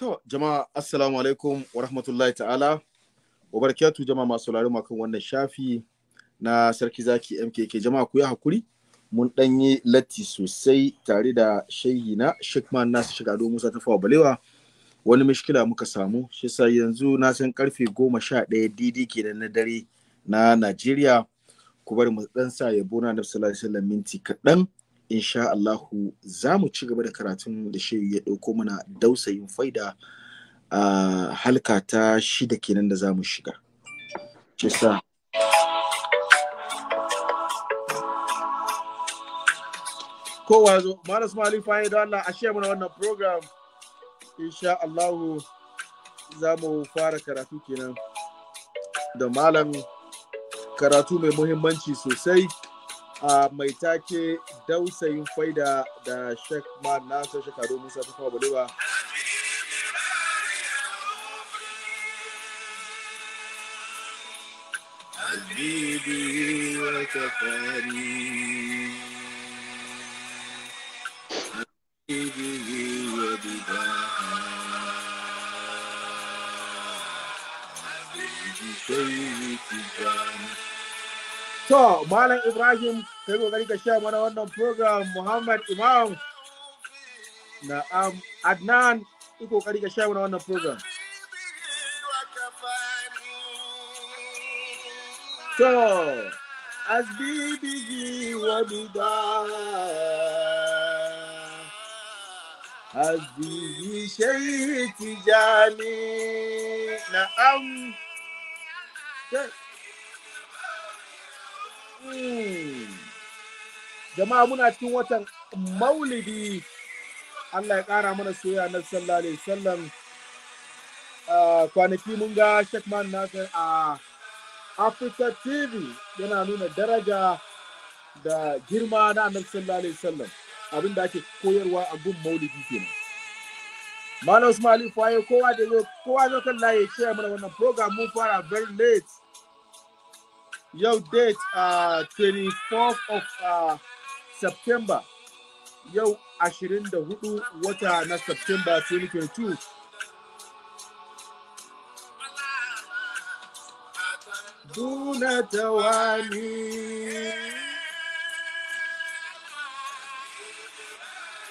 To, jama'a assalamu alaikum wa rahmatullahi ta'ala. Wa barakatu jama'a masu sauraro makon wannan shafi na sarki zaki MKK. Jama'a ku yi hakuri mun dan yi latti sosai tare da shayi na Shikman nasu shiga musa ta fa balewa. Wani mishkila muka samu shi sa yanzu na san karfe goma sha ɗaya didi kenan na dare na Najeriya. Ku bari mu dan sa yabo na Nabi sallallahu alaihi wasallam minti kaɗan. insha Allahu za mu ci gaba da karatun da shi ya ɗauko mana dausayin faida a halka ta shida kenan da za mu shiga. Cisa. Kowa zo, Maras Mali da Allah a mana wannan program. Insha Allahu za mu fara karatu kenan da malam karatu mai muhimmanci sosai. a mai take dausayin faida da shek ma na san shekaru Musa Fafa Balewa To, Malam Ibrahim Tuko katika shamba na wannan program Muhammad Imam na um, Adnan iko katika shamba na wannan program. So, as BBG wabida as bihi shaiti jani na am. Um, mm. jama'a muna cikin watan maulidi Allah ya ƙara mana soyayya na sallallahu alaihi wasallam kwanaki mun ga Shekman Nasir a Africa TV yana nuna daraja da girma na annabi sallallahu alaihi wasallam abin da ake koyarwa a gun maulidi kenan Malam Usman Ali Faye kowa da zo kowa zo kan laye ce mana wannan program mun fara very late yau date uh, 24th of uh, September Yo, yau 24 water na September 2022 duna tawani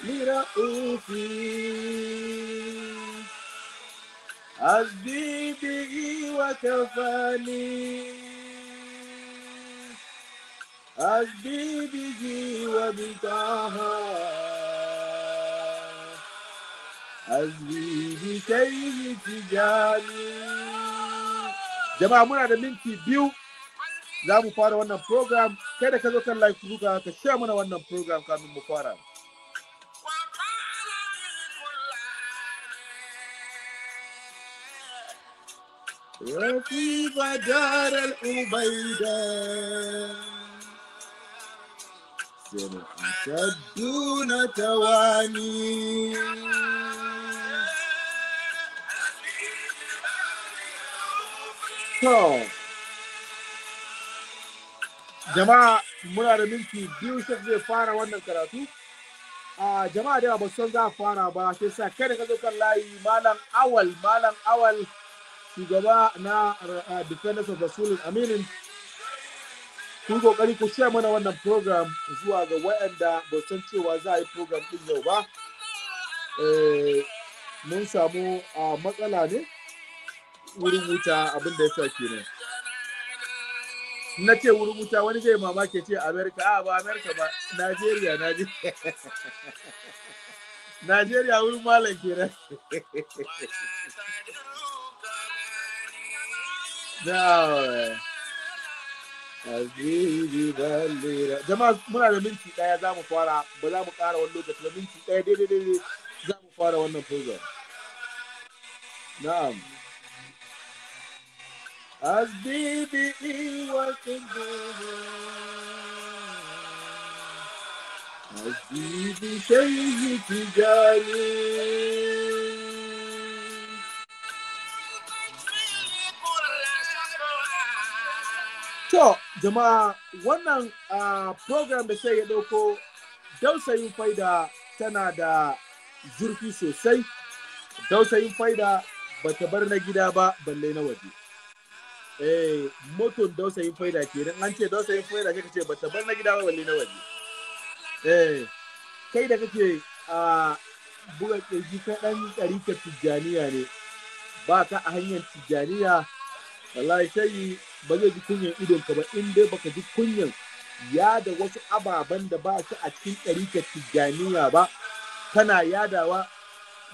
لرؤوفي حسبي به وكفاني أجدي به وبكاها أجدي بكيه تجاني jama'a muna da minti biyu za mu fara wannan program kai da ka zo kan live kuka ka share mana wannan program kamin mu fara وفي al العبيدان أكثر tawani? jama'a muna da minti biyu shek zai fara wannan karatu a jama'a da ba san za fara ba sai sa kai ka zo kan layi malam awal malam awal shugaba na eh, defenders of rasulul aminin kun kokari ku share mana wannan program zuwa ga waɗanda ba san cewa za a yi program din yau ba eh, mun samu a matsala ne wurin wuta abin da ya sa nan na ce wurin wuta wani zai mamaki ce amerika a ba amerika ba najeriya najeriya wurin malam kenan da jama'a muna da minti daya za mu fara ba za mu kara wani lokaci da minti daya daidai daidai za mu fara wannan program na'am حسبي وقدوه حسبي بشيء تجاري To, jama'a wannan uh, program da sai ya ɗauko dausayin faida tana da zurfi sosai, dausayin faida ba ta bar na gida ba balle na waje. Eh, moton dausayin faida kenan an ce dausayin faida kika ce ba ta bar na gida ba balle na waje. Eh, kai da kake a buga ƙirji kaɗan ɗarikar tijjaniya ne, ba ka a hanyar tijjaniya, wallahi shayi. ba zai ji kunyan ka ba in dai baka ji kunyan yada wasu ababen da ba su a cikin ɗarikar tijjaniya ba kana yadawa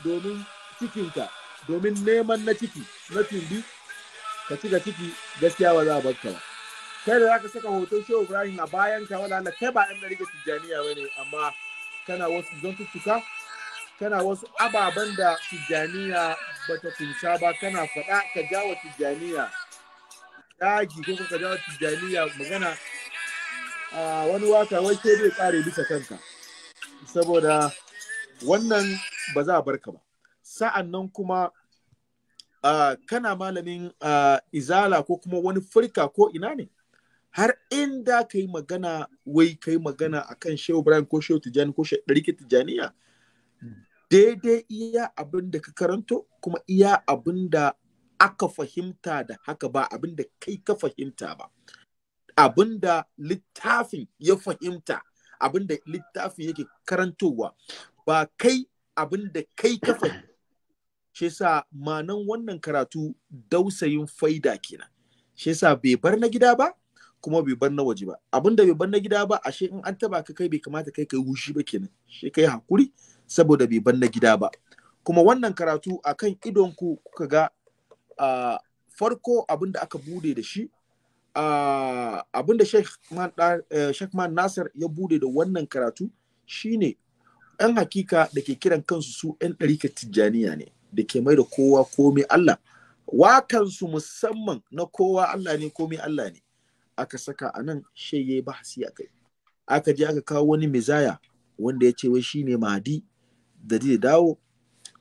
domin cikinka domin neman na ciki na tundi ka ci ga ciki gaskiya ba za a ba kai da zaka saka hoton shehu ibrahim a bayan ka wala kai ba ɗan ɗarikar tijjaniya ba ne amma kana wasu zantuttuka kana wasu ababen da tijjaniya ba ta kunsa ba kana faɗa ka jawa tijjaniya daji ko kuka dawo tijaniya magana a wani waka wai sai zai kare bisa kanka saboda wannan ba za a barka ba sa'an nan kuma kana malamin izala ko kuma wani Furka ko ina ne har inda ka yi magana wai ka yi magana a kan shehu brian ko shehu tijani ko tijjaniya daidai iya abin ka karanto kuma iya abin aka fahimta da haka ba abin da kai ka fahimta ba abin da littafin ya fahimta abin da littafin yake karantowa ba kai abin da kai ka fahimta shi sa manan wannan karatu dausayin faida kenan shi sa bai bar na gida ba kuma bai bar na waje ba abin da bai bar na gida ba ashe in an taba ka kai bai kamata kai kai wushi ba kenan shi kai hakuri saboda bai bar na gida ba kuma wannan karatu akan idon ku kuka ga farko abin da aka bude da shi abin da Sheikh Man Nasir ya bude da wannan karatu shine ‘yan hakika da ke kiran kansu su ‘yan ɗarikar tijjaniya ne da ke mai da kowa komai Allah wakansu musamman na kowa Allah ne komai Allah ne aka saka a nan ba bahasi a kai aka je aka kawo wani mizaya wanda ya ce wai shine mahadi da zai dawo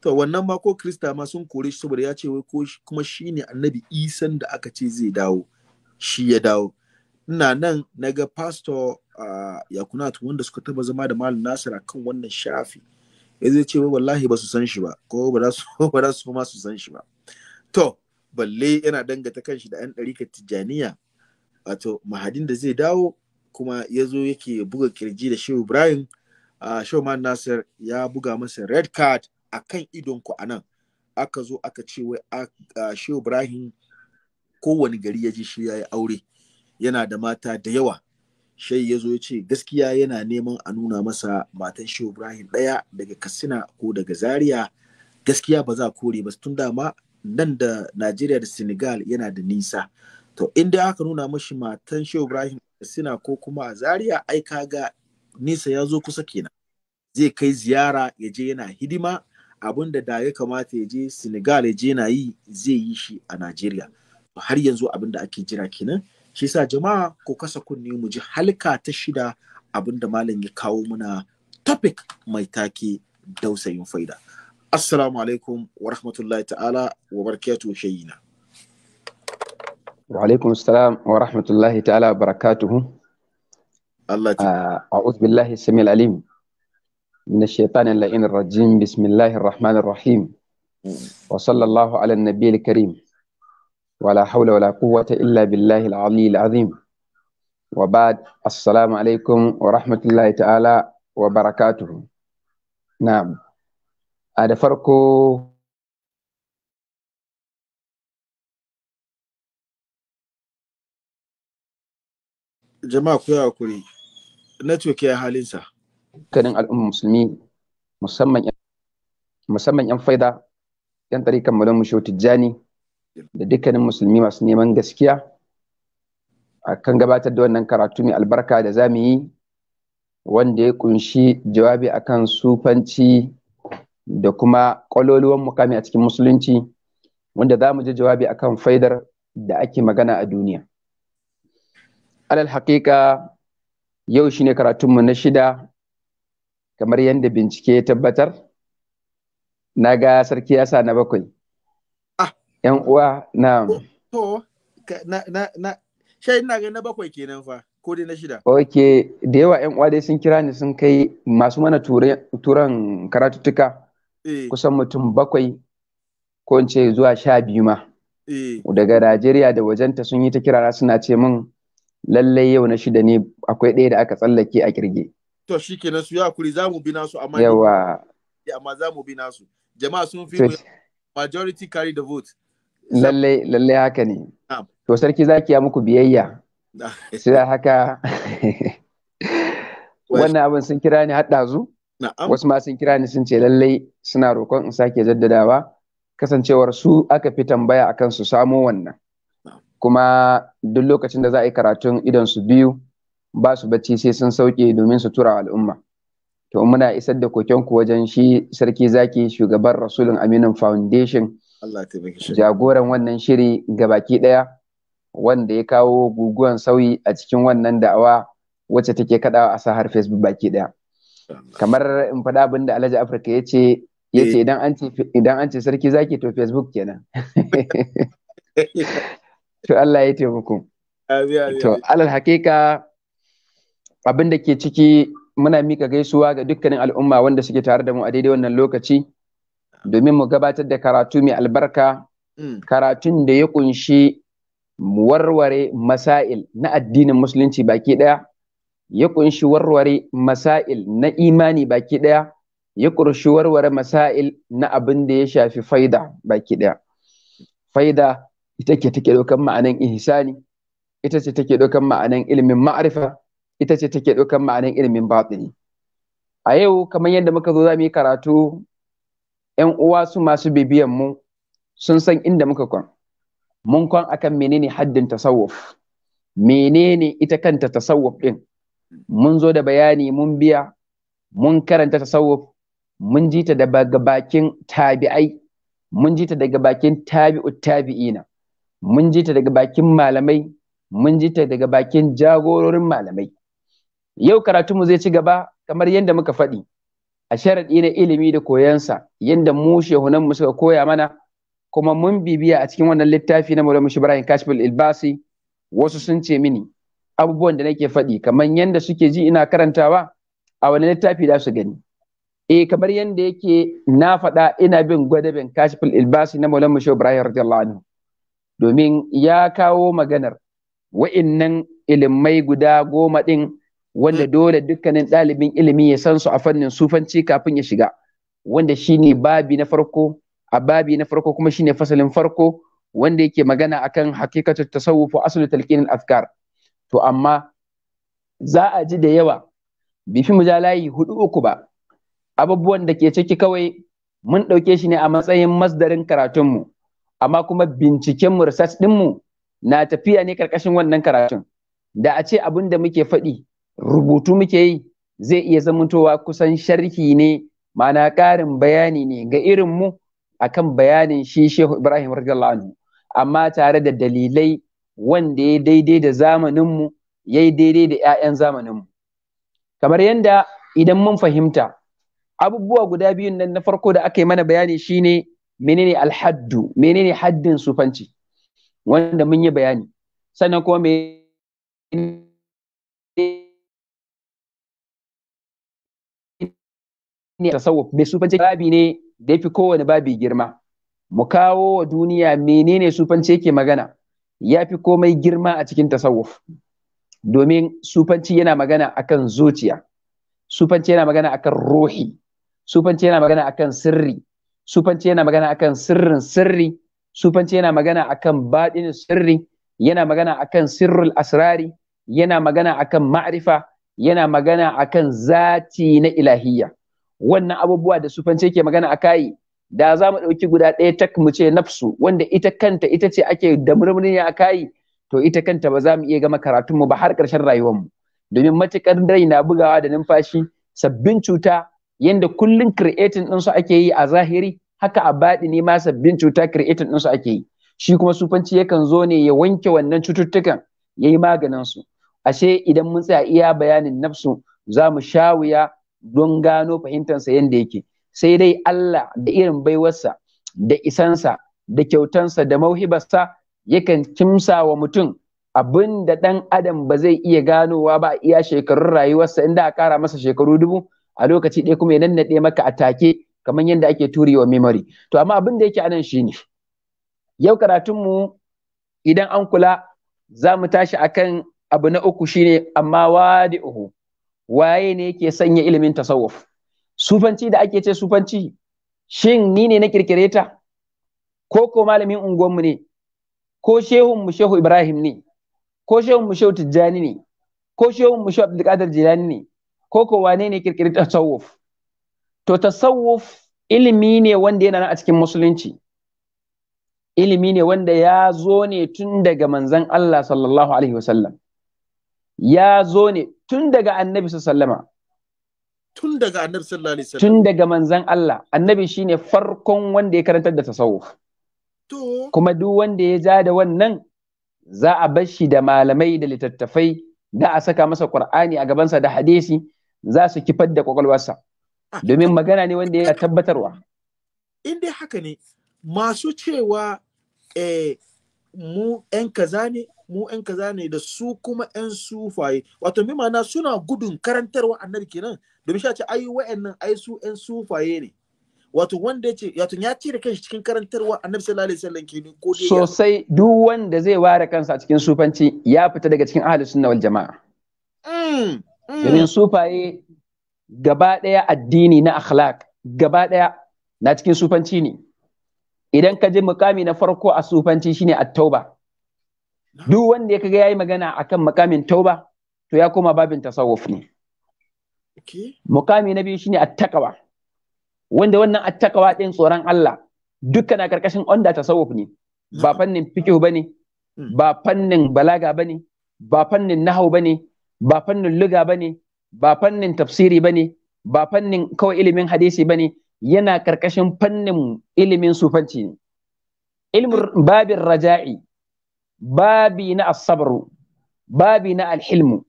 to wannan ma ko krista ma sun kore shi saboda ya ce wai ko kuma shine annabi isan da aka ce zai dawo shi ya dawo ina nan na ga pastor uh, yakunatu wanda suka taba zama da malam nasir akan wannan shafi ya zai ce wallahi ba su san shi ba ko ba za su ma su san shi ba to balle yana dangata kanshi da 'yan ka tijjaniya wato mahadin da zai dawo kuma ya zo yake buga kirji da shehu ibrahim a uh, nasir ya buga masa red card a kan idonku a nan aka zo aka ce wai shehu ibrahim kowane gari ya ji shi ya yi aure yana da mata da yawa shai ya zo ya ce gaskiya yana neman a nuna masa matan shehu ibrahim ɗaya daga katsina ko daga zaria gaskiya ba za kore ba tun dama nan da najeriya da senegal yana da nisa to inda aka nuna mashi matan shehu ibrahim katsina ko kuma a zaria ai kaga nisa ya zo kusa kenan zai kai ziyara ya je yana hidima abin da da ya kamata ya je Senegal ya je na yi zai yi shi a Najeriya. Har yanzu abin da ake jira kenan. Shi sa jama'a ko kasa kunne mu ji halka ta shida abin da malam ya kawo muna topic mai take dausayin faida. Assalamu alaikum wa rahmatullahi ta'ala wa barakatuhu shayina. Wa alaikum salam wa rahmatullahi ta'ala wa barakatuhu. Allah ta'ala. Ah, a'udhu billahi samil alim. من الشيطان اللعين الرجيم بسم الله الرحمن الرحيم وصلى الله على النبي الكريم ولا حول ولا قوة إلا بالله العلي العظيم وبعد السلام عليكم ورحمة الله تعالى وبركاته نعم هذا فرقه jama'a ku yi hakuri network ya halinsa dukkanin al'ummar musulmi musamman musamman yan faida yan tarikan malam musho tijjani da dukkanin musulmi masu neman gaskiya akan gabatar da wannan karatu mai albarka da zamu yi wanda ya kunshi jawabi akan sufanci da kuma kwaloluwan mukami a cikin musulunci wanda za mu ji jawabi akan faidar da ake magana a duniya alal haƙiƙa yau shine karatunmu na shida kamar yadda bincike ya tabbatar na ga sarki yasa na bakwai ah. yan uwa na oh, to dai da yawa yan uwa dai sun kira ni sun kai masu mana turan karatuttuka eh. kusan mutum bakwai ko ce zuwa sha biyu ma eh. daga Najeriya da wajenta sun yi ta kirara suna ce min lallai yau na shida ne akwai ɗaya da aka tsallake a kirge. to shi kenan su ya za bi nasu amma yawa eh, amma za bi nasu jama'a sun fi majority carry the vote lalle lalle haka ne to sarki zaki ya muku biyayya sai haka wannan abin sun kira ni haɗazu wasu ma sun kira ni sun ce lallai suna roƙon in sake jaddadawa kasancewar su aka fi tambaya akan su samo wannan kuma duk lokacin da za a yi karatun idan su biyu ba su bacci sai sun sauke domin su tura al'umma to muna isar da kokenku wajen shi sarki zaki shugaban rasulun aminin foundation jagoran wannan shiri gabaki daya wanda ya kawo guguwan sauyi a cikin wannan da'awa wacce take kadawa a sahar facebook baki daya kamar in faɗa abin da alhaji afirka ya ce ya eh. ce idan an ce sarki zaki to facebook kenan to allah ya taimako to alal hakika abin da ke ciki muna mika gaisuwa ga dukkanin al'umma wanda suke tare da mu a daidai wannan lokaci domin mu gabatar da karatu mai albarka mm. karatun da ya kunshi warware masail na addinin musulunci baki daya ya kunshi warware masail na imani baki daya ya kunshi warware masail na abin da ya shafi faida baki daya faida ita ke take dokan ma'anan ihsani ita ce take dokan ma'anan ilimin ma'arifa ita ce take ɗaukan ma'anin ilimin batini a yau kamar yadda muka zo za mu yi karatu yan uwa su masu bibiyanmu sun san inda muka kwan mun kwan akan menene haddin tasawuf menene ita kanta tasawuf ɗin? mun zo da bayani mun biya mun karanta tasawuf mun ji ta daga bakin tabi'ai mun ji ta daga bakin tabi'u tabi'ina mun ji ta daga bakin malamai mun ji ta daga bakin jagororin malamai Yau karatunmu zai ci gaba kamar yadda muka faɗi a sharaɗi na ilimi da koyansa yadda mu shehunanmu suka koya mana kuma mun bibiya a cikin wannan littafi na Maulana Ibrahim Kashful Ilbasi wasu sun ce mini abubuwan da nake faɗi kamar yadda suke ji ina karantawa a wani littafi da su gani. Eh kamar yadda yake na faɗa ina bin gwadabin Kashful Ilbasi na Maulana Ibrahim radiyallahu anhu domin ya kawo maganar wa'innan ilimai guda goma ɗin wanda mm. dole dukkanin ɗalibin ilimi ya san su a fannin sufanci kafin ya shiga wanda shine babi na farko a babi na farko kuma shine fasalin farko wanda yake magana akan hakikatu tasawuf wa aslu talqin al to amma za a ji da yawa bifi mujalayi hudu uku ba abubuwan da ke ciki kawai mun ɗauke shi ne a matsayin masdarin karatunmu amma kuma binciken mu research ɗinmu na tafiya ne karkashin wannan karatun da a ce abin da muke faɗi rubutu muke yi zai iya zamantowa kusan sharhi ne mana ƙarin bayani ne ga irin mu akan bayanin shi Shehu Ibrahim radiyallahu anhu amma tare da dalilai wanda ya daidai da zamanin mu yayi daidai da 'ya'yan zamanin mu kamar yadda idan mun fahimta abubuwa guda biyu nan na farko da aka yi mana bayani shine menene alhaddu menene haddin sufanci wanda mun yi bayani sannan kuma menene ne tasawuf me sufanci babi ne da ya fi kowane babi girma mu kawo wa duniya menene sufanci yake magana ya fi komai girma a cikin tasawuf domin sufanci yana magana kan zuciya sufanci yana magana akan ruhi sufanci yana magana akan sirri sufanci yana magana akan sirrin sirri sufanci yana magana akan baɗin sirri yana magana akan sirrul asrari yana magana akan ma'rifa yana magana akan zati na ilahiyya wannan abubuwa da sufance ke magana a kai da za mu ɗauki guda ɗaya tak mu ce nafsu wanda ita kanta ita ce ake da murmurin a kai to ita kanta ba za mu iya gama karatun mu ba har ƙarshen rayuwar mu domin matukar rai na bugawa da numfashi sabbin cuta yanda kullun creating ɗinsu ake yi a zahiri haka a baɗi ne ma sabbin cuta creating ɗinsu ake yi shi kuma sufanci yakan zo ne ya wanke wannan cututtukan ya yi maganinsu ashe idan mun tsaya iya bayanin nafsu za mu sha wuya don gano fahimtansa yadda yake sai dai Allah da irin baiwarsa da isansa da kyautansa da mauhibarsa yakan kimsa wa mutum abinda da ɗan adam ba zai iya ganowa ba a iya shekarun rayuwarsa inda a kara masa shekaru dubu a lokaci ɗaya kuma ya nannaɗe maka a take kamar yadda ake turewa memory to amma abin da yake anan shine yau karatunmu idan an kula za mu tashi akan abu na uku shine amma wadi uhu. waye ne yake sanya ilimin tasawuf sufanci da ake ce sufanci shin ni ne na kirkire ta ko ko malamin unguwanmu ne ko shehun mu shehu ibrahim ne ko shehun mu shehu tijjani ne ko shehun mu shehu abdulkadir jilani ne ko ko wane ne kirkire tasawuf to tasawuf ilimi ne wanda yana nan a cikin musulunci ilimi ne wanda ya zo ne tun daga manzon Allah sallallahu alaihi wasallam ya zo ne tun daga annabi sallama tun daga annabi sallallahu alaihi tun daga manzan Allah annabi shine farkon wanda ya karantar da tasawuf to kuma duk wanda ya ja da wannan za a bar shi da malamai da littattafai da a saka masa qur'ani a gabansa da hadisi za su kifar da kwakwalwarsa ah. domin magana ne wanda ya tabbatarwa in dai haka ne masu cewa eh, mu 'yan kaza ne mu yan kaza ne da su kuma yan sufaye wato bi ma'ana suna gudun karantarwa annabi kenan domin shi ce ai wa'annan ai su yan sufaye ne wato wanda yace wato ya cire kanshi cikin karantarwa annabi sallallahu alaihi wasallam kenan ko dai sosai duk wanda zai ware kansa cikin sufanci ya fita daga cikin ahalin sunna wal jama'a mm, mm. domin sufaye gaba ɗaya addini na akhlaq gaba ɗaya na cikin sufanci ne idan ka je mukami na farko a sufanci shine at-tauba duk wanda ya kaga yi magana akan mukamin tauba to ya koma babin tasawuf ne mukami na biyu shine attaqwa wanda wannan attaqwa din tsoron Allah dukkan a karkashin onda tasawuf ne ba fannin fiqh bane hmm. ba fannin balaga bane ba fannin nahau bane ba fannin luga bane ba fannin tafsiri bane ba fannin kawai ilimin hadisi bane yana karkashin fannin ilimin sufanci ne ilmin hmm. babin raja'i babi na asabru babi na alhilmu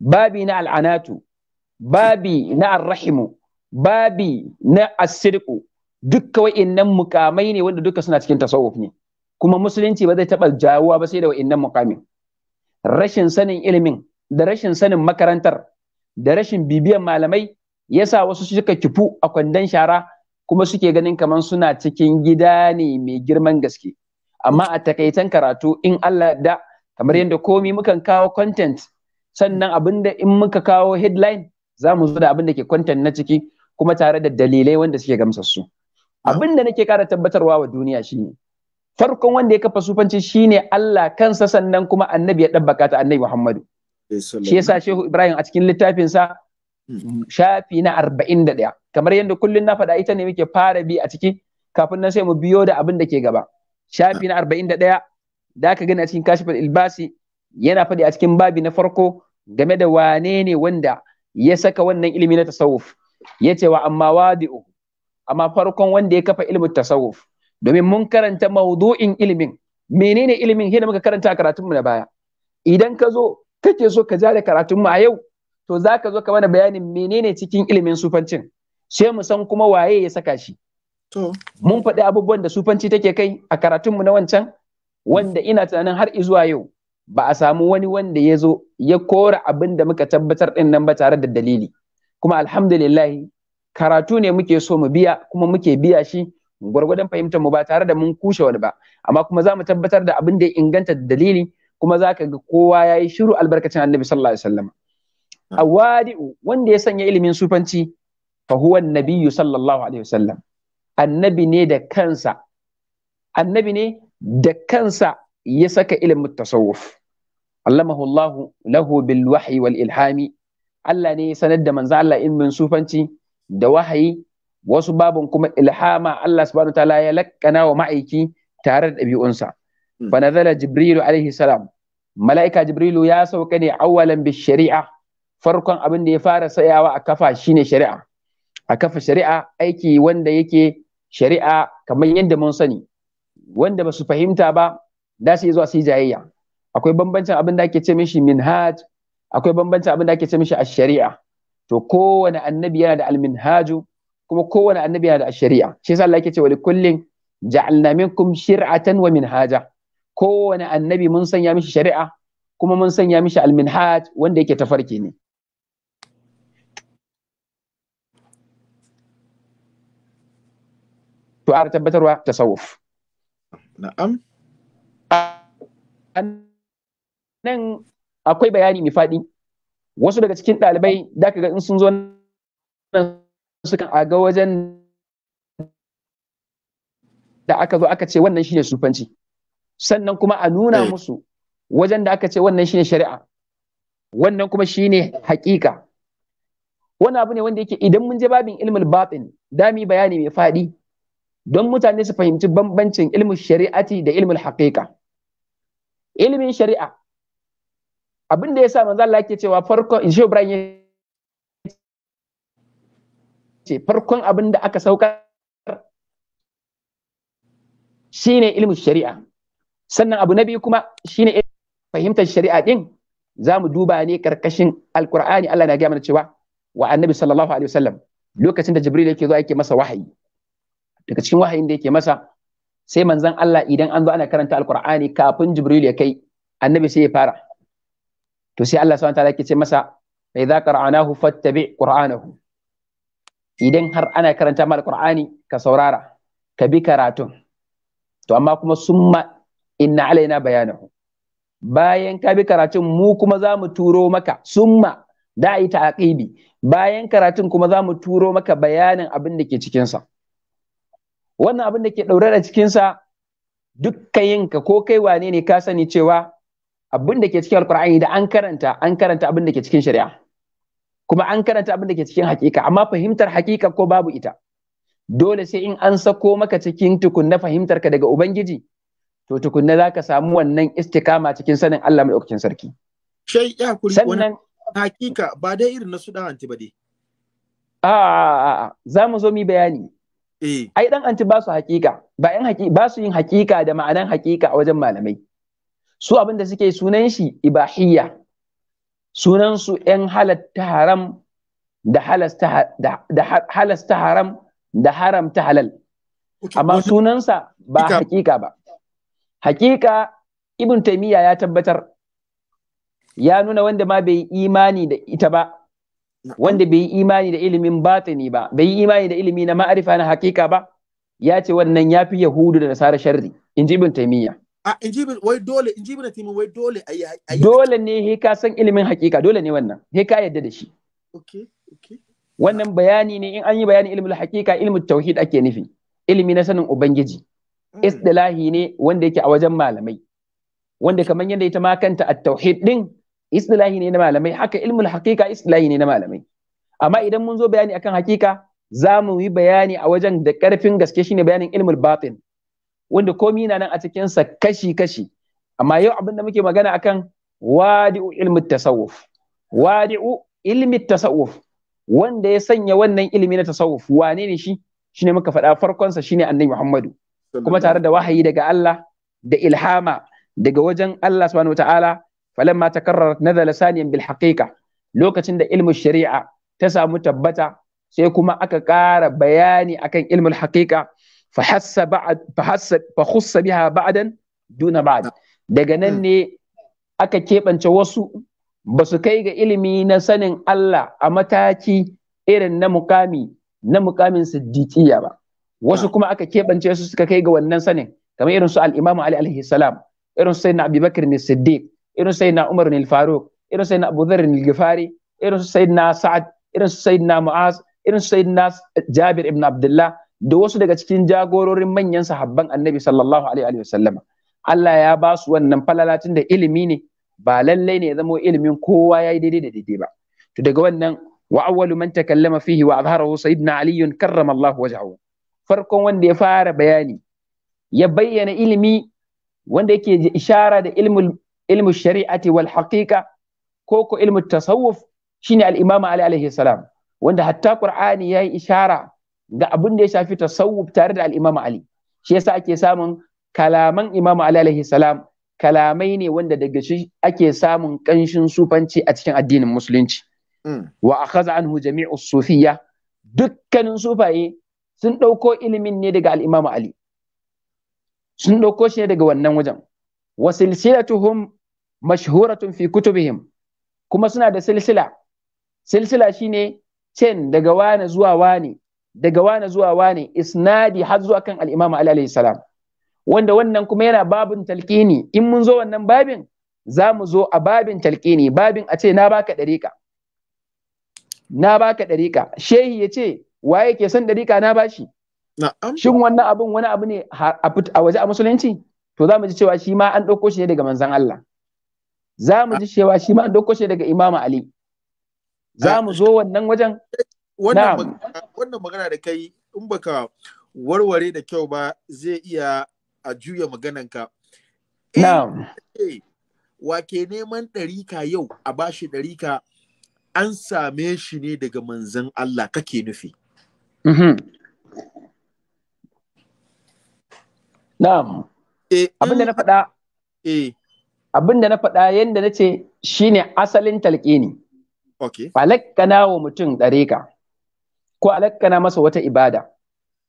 babi na al'anatu babi na arrahimu babi na asirku dukka wa'innan mukamai ne wanda duka suna cikin tasawuf ne kuma musulunci ba zai taɓa jawuwa ba sai da wa'innan mukamin rashin sanin ilimin da rashin sanin makarantar da rashin bibiyan malamai yasa wasu suka kifu a kwandon shara kuma suke ganin kamar suna cikin gida ne mai girman gaske amma a takaitan karatu in Allah da kamar yadda komi mukan kawo content sannan abinda in muka kawo headline za mu zo da abinda ke content na ciki kuma tare da dalilai wanda suke su. abinda nake kara tabbatarwa wa duniya shine farkon wanda ya kafa sufanci shine Allah kansa sannan kuma annabi ya dabbaka ta annabi Muhammadu shi yasa Shehu Ibrahim a cikin littafin sa hmm. shafi na 41 kamar yadda kullun na faɗa ita ne muke fara bi a ciki kafin nan sai mu biyo da abinda ke gaba shafi na arba'in da ɗaya. aka gani a cikin kashifar ilbasi yana faɗi a cikin babi na farko game da wane ne wanda ya saka wannan ilimi na tasawuf ya ce wa amma wadi'u amma farkon wanda ya kafa ilimin tasawuf domin mun karanta maudu'in ilimin menene ilimin hina muka karanta karatun mu na baya idan ka zo kake so ka jare karatun mu a yau to zaka zo ka mana bayanin menene cikin ilimin sufancin sai mu san kuma waye ya saka shi Mun faɗi abubuwan da sufanci take kai a karatunmu na wancan, wanda ina tunanin har zuwa yau ba a samu wani wanda ya zo ya kora abin da muka tabbatar ɗin nan ba tare da dalili. Kuma alhamdulillah karatu ne muke so mu biya kuma muke biya shi gwargwadon fahimtar mu ba tare da mun kushe wani ba amma kuma za mu tabbatar da abin da ya inganta da dalili kuma za ka ga kowa ya yi shiru albarkacin annabi sallallahu alaihi wasallam Awadi wanda ya sanya ilimin sufanci fa huwa nabiyyu sallallahu alaihi wasallam annabi ne da kansa annabi ne da kansa ya saka ilimin tasawuf allamahu Allah lahu bil wahyi wal ilhami Allah ne ya sanar da manzo Allah ilmin sufanci da wahayi wasu babun kuma ilhama Allah subhanahu ta'ala ya lakkana wa ma'aiki tare da ɗabi'unsa hmm. fa jibrilu alaihi salam mala'ika jibrilu ya sauka ne awalan bi shari'a farkon abin da ya fara sayawa a kafa shine shari'a a kafa shari'a aiki wanda yake shari'a kamar yadda mun sani wanda ba su fahimta ba da su zuwa su yi jayayya akwai bambancin abin da ake ce mishi minhaj akwai bambancin abin da ake ce mishi a sharia to kowane annabi yana da al kuma kowane annabi yana da a sharia shi yasa Allah yake cewa kullin ja'alna minkum shir'atan wa minhaja kowane annabi mun sanya mishi shari'a kuma mun sanya mishi alminhaj wanda yake tafarki ne to ana tabbatarwa tasawuf na'am nan akwai bayani mai faɗi wasu daga cikin ɗalibai da ga in sun zo nan sukan aga wajen da aka zo aka ce wannan shine sufanci sannan kuma a nuna musu wajen da aka ce wannan shine shari'a wannan kuma shine hakika Wani abu ne wanda yake idan mun je babin ilmul batin da mu bayani mai faɗi don mutane su fahimci bambancin ilmin shari'ati da ilmin haƙiƙa. ilmin shari'a abin da sa manzo Allah yake cewa farkon Shehu Ibrahim ce farkon abin da aka saukar shine ilmin shari'a sannan abu na biyu kuma shine fahimtar shari'a din za mu duba ne karkashin alkur'ani Allah na gaya mana cewa wa annabi sallallahu alaihi wasallam lokacin da jibril yake zo yake masa wahayi daga cikin wahayin da yake masa sai manzon Allah idan an zo ana karanta alqur'ani kafin jibril ya kai annabi sai ya fara to sai Allah subhanahu wataala yake ce masa fa idza qara'nahu fattabi qur'anahu idan har ana karanta ma alqur'ani ka saurara ka bi karatun to amma kuma summa inna alaina bayanahu bayan ka bi karatun mu kuma za mu turo maka summa da'i ta aqibi bayan karatun kuma za mu turo maka bayanin abin da ke cikinsa wannan abin da ke ɗaure da cikinsa dukkan yinka ko kai wane ne ka sani cewa abin da ke cikin alkur'ani da an karanta an karanta abin da ke cikin shari'a kuma an karanta abin da ke cikin hakika amma fahimtar hakika ko babu ita dole sai in an sako maka cikin tukunna fahimtar ka daga ubangiji to tukunna za ka samu wannan istikama cikin sanin Allah maɗaukakin sarki. Shai ya kuri sannan hakika ba dai irin na su ɗan ba A'a A za mu zo mi bayani Eh. ai dan anti ba su hakika ba yan hakika ba su yin haƙiƙa da ma'anan haƙiƙa a wajen malamai su abin da suke sunan shi ibahiyya sunan su yan halatta haram da halasta da halasta haram da haramta halal amma sunansa ba hakika ba haƙiƙa ibn taymiya ya tabbatar ya nuna wanda ma bai imani da ita ba wanda bai yi imani da ilimin batini ba bai yi imani da ilimi na ma'arifa na hakika ba ya ce wannan ya fi yahudu da nasara sharri in ji ibn taimiyya a in ji wai dole in ji ibn taimiyya wai dole yi dole ne he ka san ilimin hakika dole ne wannan he ka yadda da shi wannan bayani ne in an yi bayanin ilimin hakika ilimin tauhid ake nufi ilimi na sanin ubangiji hmm. istilahi ne wanda yake a wajen malamai wanda kamar yadda ita ma kanta at-tauhid din istilahi ne na malamai haka ilmul haqiqa istilahi ne na malamai amma idan mun zo bayani akan haqiqa za mu yi bayani a wajen da karfin gaske shine bayanin ilmul batin wanda komi na nan a cikin sa kashi kashi amma yau abin da muke magana akan wadi'u ilmi tasawuf wadi'u ilmi tasawuf wanda ya sanya wannan ilimi na tasawuf wane ne shi shine muka faɗa farkon sa shine annabi Muhammadu kuma tare da wahayi daga Allah da ilhama daga wajen Allah subhanahu wataala falamma takarrarat nazala saniyan bil haqiqa lokacin da ilmin shari'a ta samu tabbata sai kuma aka ƙara bayani akan ilmin haqiqa fa hassa ba'd fa hassa daga nan ne aka keɓance wasu ba su kai ga ilimi na sanin Allah a mataki irin na mukamin siddiqiyya ba wasu kuma aka keɓance su suka kai ga wannan sanin kamar irin su al Ali alaihi salam irin su Sayyidina Abubakar na Siddiq irin sayyidina Umar al Faruq irin sayyidina Abu Dharr al Ghifari irin sayyidina Sa'ad irin sayyidina Mu'az irin sayyidina Jabir ibn Abdullah da wasu daga cikin jagororin manyan sahabban Annabi sallallahu alaihi Allah ya ba su wannan falalatin da ilimi ne ba lallai ne ya zama ilimin kowa yayi daidai da daidai ba to daga wannan wa awwalu man takallama fihi wa azharahu sayyidina Ali karrama Allah wajhahu farkon wanda ya fara bayani ya bayyana ilimi wanda yake ishara da ilmul ilmu shari'ati wal haqiqa ko ko ilmu tasawuf shine al-imam ali alaihi salam wanda hatta qur'ani yayi ishara ga abin da ya shafi tasawuf tare da al-imam ali shi yasa ake samun kalaman imam ali alaihi salam kalamai ne wanda daga shi ake samun kanshin sufanci a cikin addinin musulunci mm. wa akhadha anhu jami'u sufiyya dukkanin sufaye sun ɗauko ilimin ne daga al-imam ali sun ɗauko shi ne daga wannan wajen wa silsilatuhum mashhuratun fi kutubihim kuma suna da silsila silsila shine chain daga wane zuwa wane daga wani zuwa wani isnadi har zuwa kan al-imam ali alayhi salam wanda wannan kuma yana babin talqini in mun zo wannan babin za mu zo a babin talqini babin a ce na baka dariqa na baka dariqa shehi ya ce waye ke son dariƙa na bashi shin wannan abun wani abu ne a waje a musulunci to za mu ji cewa shi ma an ɗauko shi ne daga manzon Allah za mu ji cewa shi ma duk dauko shi daga Imam Ali za mu zo wannan wajen wannan magana da kai in baka warware da kyau ba zai iya a juya magananka na'am ke neman ɗarika yau a bashi ɗarika an same shi ne daga manzan Allah kake nufi mhm. na'am eh, abinda na faɗa eh abin da na faɗa yadda na ce shi ne asalin talƙini okay. wa mutum ɗareka ko alakkana masa wata ibada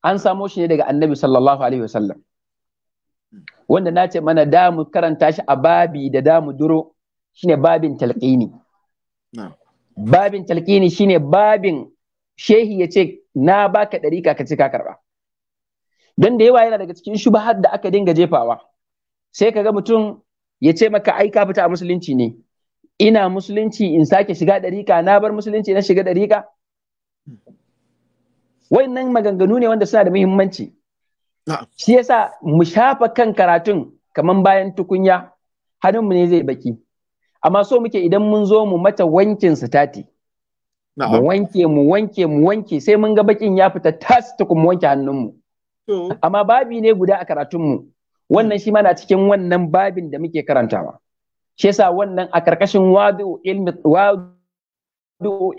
an samo shi ne daga annabi sallallahu alaihi wasallam wanda na ce mana damu karanta shi a babi da damu duro, shi ne babin ne. babin shi ne babin shehi ya ce na baka ɗarika ka ce ka ba. don da yawa yana daga cikin shubahar da aka dinga jefawa sai ka ga mutum ya ce maka ai ka fita a musulunci ne ina musulunci in sake shiga ɗariƙa na bar musulunci na shiga ɗariƙa wayannan maganganu ne wanda suna da muhimmanci shi yasa mu shafa kan karatun kamar bayan tukunya mu ne zai baki amma so muke idan mun zo mu mata wankin sitati mu wanke mu wanke mu wanke sai mun ga bakin ya fita tas tukun mu wanke hannun mu. amma babi ne guda a karatun mu. wannan shi ma na cikin wannan babin da muke karantawa shi yasa wannan a karkashin wadu ilmi wadu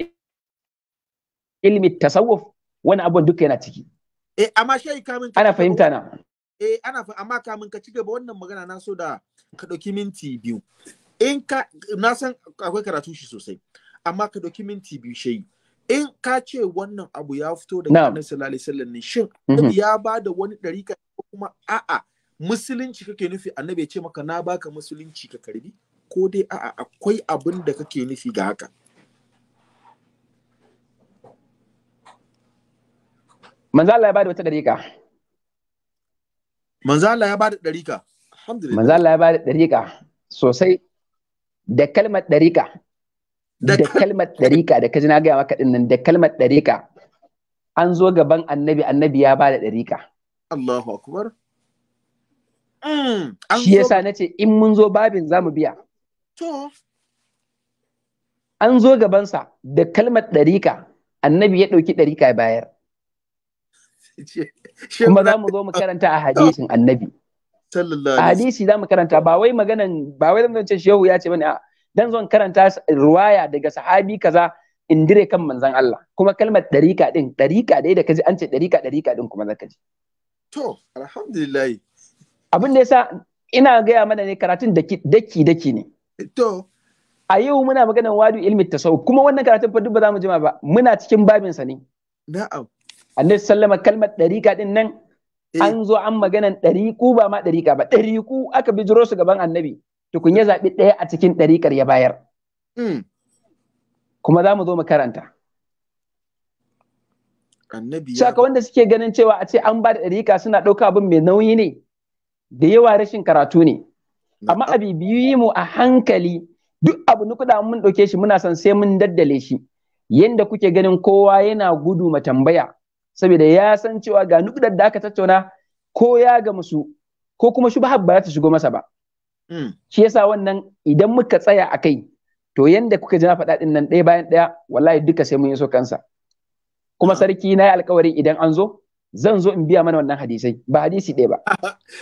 ilmi tasawuf wani abun duka yana ciki eh amma shi kamin ana fahimta na eh ana amma kamin ka ci gaba wannan magana na so da ka dauki minti biyu in ka na san akwai karatu shi sosai amma ka dauki minti biyu shi in ka ce wannan abu ya fito daga annabi sallallahu alaihi wasallam ne shin mhm. ya ba da wani dariƙa kuma a'a musulunci kake nufi annabi ya ce maka na baka musulunci ka karbi ko dai a'a akwai abin da kake nufi ga haka manzo Allah ya bada wata dariƙa manzo Allah ya bada dariƙa alhamdulillah manzo Allah ya bada dariƙa sosai da kalmar dariƙa da kalmar dariƙa da kaji na gaya maka din nan da kalmar dariƙa an zo gaban annabi annabi ya bada dariƙa Allahu akbar Mm, Shi yasa na ce in mun zo babin za mu biya. To. An zo gabansa da kalmar ɗarika, annabi ya ɗauki ɗarika bayar. Kuma za mu zo mu karanta a hadisin annabi. A hadisi za mu karanta ba wai maganan ba wai zan ce shehu ya ce bane a dan zon karanta ruwaya daga sahabi kaza Indire kan manzon Allah kuma kalmar ɗarika ɗin ɗarika dai da kaji an ce ɗarika ɗarika ɗin kuma zaka ji. To alhamdulillah abin da yasa ina gaya mana ne karatun daki daki ne to a yau muna maganar wadu ilmi sau. kuma wannan karatun fadu ba za mu jima ba muna cikin babin sa ne na'am annabi sallama kalmar ɗarika din nan eh. an zo an maganan ɗariƙu ba ma ɗariƙa ba ɗariƙu aka bijiro su gaban annabi tukun ya zaɓi ɗaya a cikin ɗariƙar ya bayar hmm. kuma za mu zo mu karanta annabi wanda suke ganin cewa a ce an ba da ɗariƙa suna ɗauka abin mai nauyi ne da yawa rashin karatu ne amma abi biyu mu a hankali duk abu na kuɗa mun ɗauke shi muna son sai mun daddale shi yanda kuke ganin kowa yana gudu ma tambaya saboda ya san cewa ga nukudar da aka tattauna ko ya ga musu ko kuma shi ba ta shigo masa ba hmm. shi yasa wannan idan muka tsaya a kai to yanda kuka ji na faɗa ɗin nan ɗaya bayan ɗaya wallahi duka sai mun yi so kansa kuma sarki na yi alkawari idan an zo zan zo in biya mana wannan hadisai ba hadisi ɗaya ba.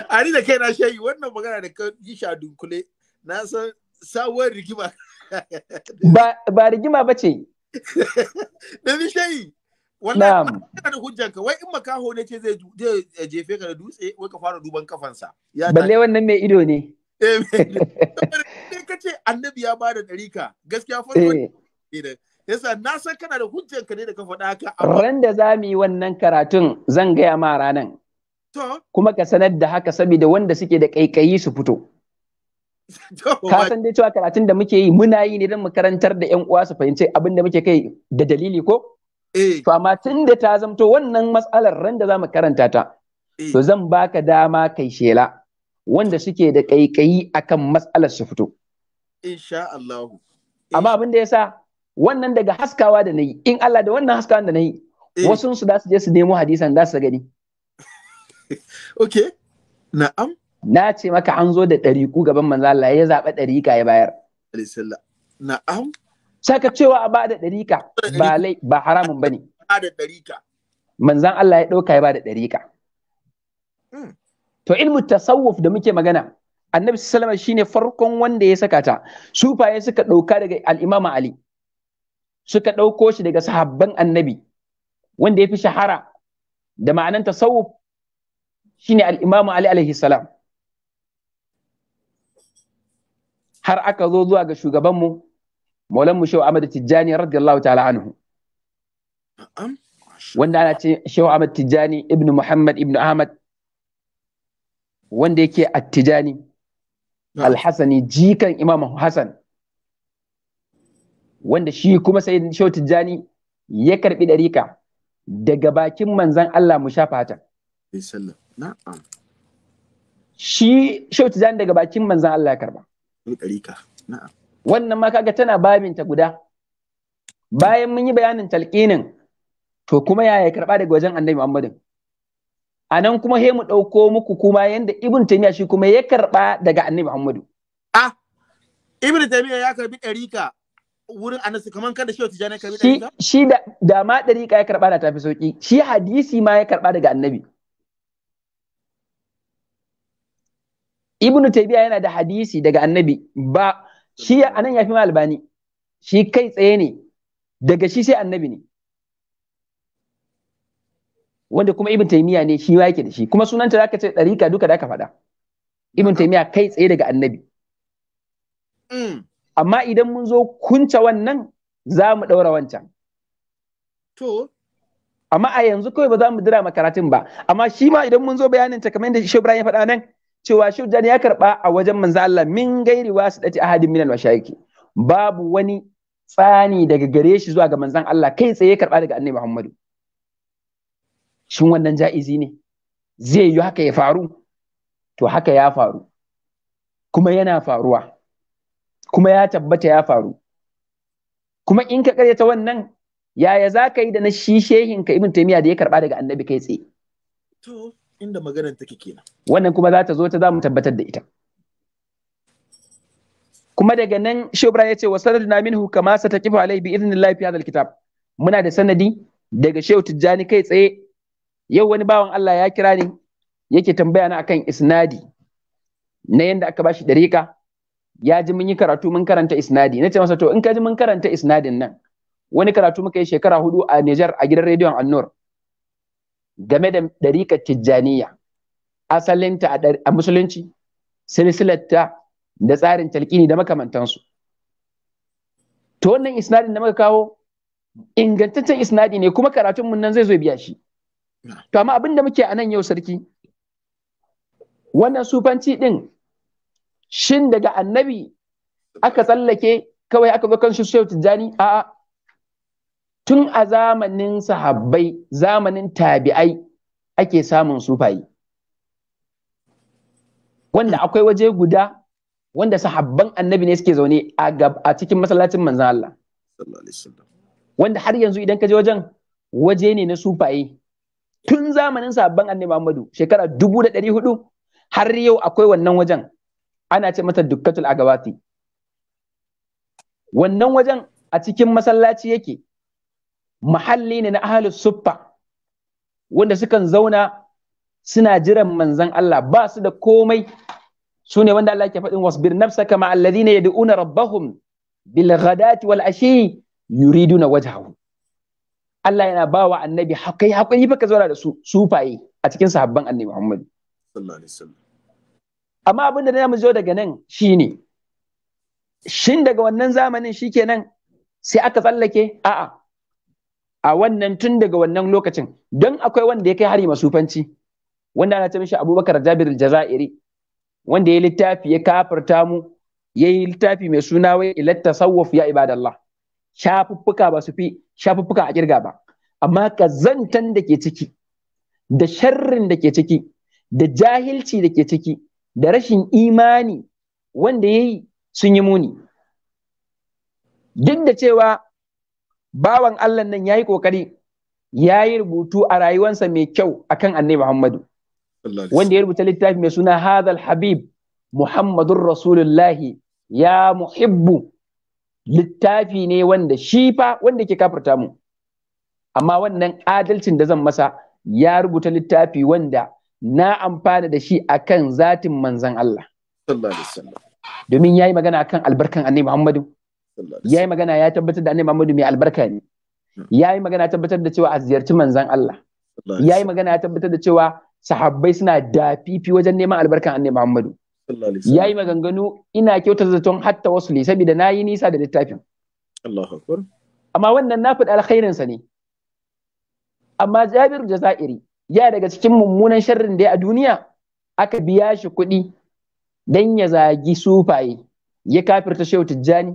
A ni da kai na shayi wannan magana da kan yi sha dunkule na san sabuwar rigima. Ba rigima ba ce. Domin shayi wannan yana da hujjanka wai in makaho ne ce zai jefe ka da dutse wai ka fara duban kafansa. Balle wannan mai ido ne. Eh, ka ce annabi ya bada ɗarika gaskiya fa. yasa na san kana da hujjan ka ne da ka faɗa haka ran da za mu yi wannan karatun zan gaya ma ranan kuma ka sanar da haka saboda wanda suke da kaikayi su fito ka san dai cewa karatun da muke yi muna yi ne don mu karantar da yan uwa su fahimci abin da muke kai da dalili ko eh. to amma tun da ta zamto wannan matsalar ran da za mu karanta ta eh. to zan baka dama kai shela wanda suke da kaikayi akan matsalar su fito insha Allah amma eh. abin da yasa wannan daga haskawa da nayi in Allah da wannan haskawa da nayi eh. wasu su da su je su nemo hadisan da su gani okay na'am na ce maka an zo da ɗariku gaban manzo Allah ya zaɓa ɗarika ya bayar na'am saka cewa a ba da ba lai ba haramun bane ba da ɗariƙa manzan Allah ya ɗauka ya ba da hmm. to ilmu tasawuf da muke magana annabi sallallahu alaihi wasallam shine farkon wanda ya saka ta sufaye suka ɗauka daga al Ali suka ɗauko shi daga sahabban annabi wanda ya fi shahara da ma'anan tasawuf shine al-imamu ali alaihi salam har aka zo zuwa ga shugabanmu maulanmu shehu ahmad tijjani radiyallahu ta'ala anhu wanda ana ce shehu ahmad tijjani ibnu muhammad ibnu ahmad wanda yake at-tijani al-hasani jikan Imam Hassan. wanda shi kuma sai Shehu Tijjani ya karbi ɗarika daga bakin manzan Allah mu shafa hatan. Shi Shehu Tijjani daga bakin manzan Allah ya karba. Wannan ma kaga tana baminta guda. Bayan mun yi bayanin talƙinin to kuma yaya karba daga wajen Annabi Muhammadin. a nan kuma he mu ɗauko muku kuma yadda ibn taymiya shi kuma ya karɓa daga annabi muhammadu Ah, ibn taymiya ya karbi ɗarika wurin annabi kaman kada shi tijani karbi shi shi da da ma dariƙa ya karba da tafi sauki shi hadisi ma ya karba daga annabi ibnu taybiya yana da hadisi daga annabi ba shi anan yafi ma albani shi kai tsaye ne daga shi sai annabi ne wanda kuma ibn taymiya ne shi yake da shi kuma sunanta zaka ce dariƙa duka da ka faɗa ibn taymiya kai tsaye daga annabi mm. amma idan mun zo kunce wannan za mu ɗaura wancan to amma a yanzu kawai ba za mu dira makaratun ba amma shi ma idan mun zo bayanin ta kamar yadda Shehu Ibrahim ya faɗa nan cewa Jani ya karba a wajen manzo Allah min gairi wasidati ahadin minal mashayikh babu wani tsani daga gare shi zuwa ga manzon Allah kai tsaye karba daga annabi Muhammadu shin wannan ja'izi ne zai yi haka ya faru to haka ya faru kuma yana faruwa kuma ya tabbata ya faru kuma in ka ta wannan yaya za ka yi da na shi shehin ka ibn taymiya da ya karba daga annabi kai tsaye to inda maganar take kenan wannan kuma za ta zo ta za mu tabbatar da ita kuma daga nan shobra ya ce wa sanaduna minhu kama kifa alai bi idnillahi fi hadha kitab muna da sanadi daga shehu tijjani kai tsaye yau wani bawan Allah ya kira ni yake tambaya ni akan isnadi na yanda aka bashi dariƙa ya ji mun yi karatu mun karanta isnadi na ce masa to in ka ji mun karanta isnadin nan wani karatu muka yi shekara hudu a Nijar a gidan rediyon Annur game da ɗarikar Tijjaniya asalinta a musulunci silsilarta da tsarin talkini da makamantansu to wannan isnadin da muka kawo ingantaccen isnadi ne kuma karatun mun nan zai zo biya shi to amma abin muke a nan yau sarki wannan sufanci din shin daga annabi aka tsallake kawai aka zo kan shi shehu tijjani a'a tun a zamanin sahabbai zamanin tabi'ai ake samun sufayi wanda akwai waje guda wanda sahabban annabi ne suke zaune a cikin masallacin manzan Allah wanda har yanzu idan ka je wajen waje ne na sufaye tun zamanin sahabban annabi Muhammadu shekara dubu da ɗari hudu har yau akwai wannan wajen ana ce mata dukkatul agawati wannan wajen a cikin masallaci yake mahalli ne na ahlus suffa wanda sukan zauna suna jiran manzan Allah ba su da komai su ne wanda Allah ke faɗin wasbir nafsaka ya alladhina yad'una rabbahum bil ghadati wal ashi yuriduna wajhahu Allah yana ba wa annabi haƙai hakuri fa ka zauna da su sufaye a cikin sahabban annabi Muhammad sallallahu alaihi wasallam amma abin da zamu zo daga nan shi ne. shin daga wannan zamanin shi shikenan sai aka tsallake a'a a wannan tun daga wannan lokacin don akwai wanda ya kai hari masufanci wanda ana ce mishi Abubakar Jabir Jazairi wanda ya littafi ya kafarta mu ya yi littafi mai suna wai ilatta sawwaf ya ibadallah shafuffuka ba su fi shafuffuka a kirga ba amma kazantan da ke ciki da sharrin da ke ciki da jahilci da ke ciki da rashin imani wanda ya yi sun yi muni duk da cewa bawan Allah nan ya yi ƙoƙari ya yi rubutu a rayuwansa mai kyau akan annabi Muhammadu wanda ya rubuta littafi mai suna hadal habib Muhammadun Rasulullahi ya muhibbu littafi ne wanda shi fa wanda ke kafirta mu amma wannan adalcin da zan masa ya rubuta littafi wanda na amfana da shi akan zatin manzan Allah domin ya yi magana akan albarkan annabi Muhammadu ya yi magana ya tabbatar da annabi Muhammadu mai albarka ne hmm. ya yi magana ya tabbatar da cewa a ziyarci manzan Allah ya yi magana ya tabbatar da cewa sahabbai suna dafifi wajen neman albarkan annabi Muhammadu ya yi maganganu ina kyauta zaton hatta wasu ne saboda na yi nisa da littafin amma wannan na faɗi alkhairinsa ne amma Jabiru Jaza'iri ya daga cikin mummunan sharrin da ya a duniya aka biya shi kuɗi don ya zagi sufaye ya kafirta shehu tijjani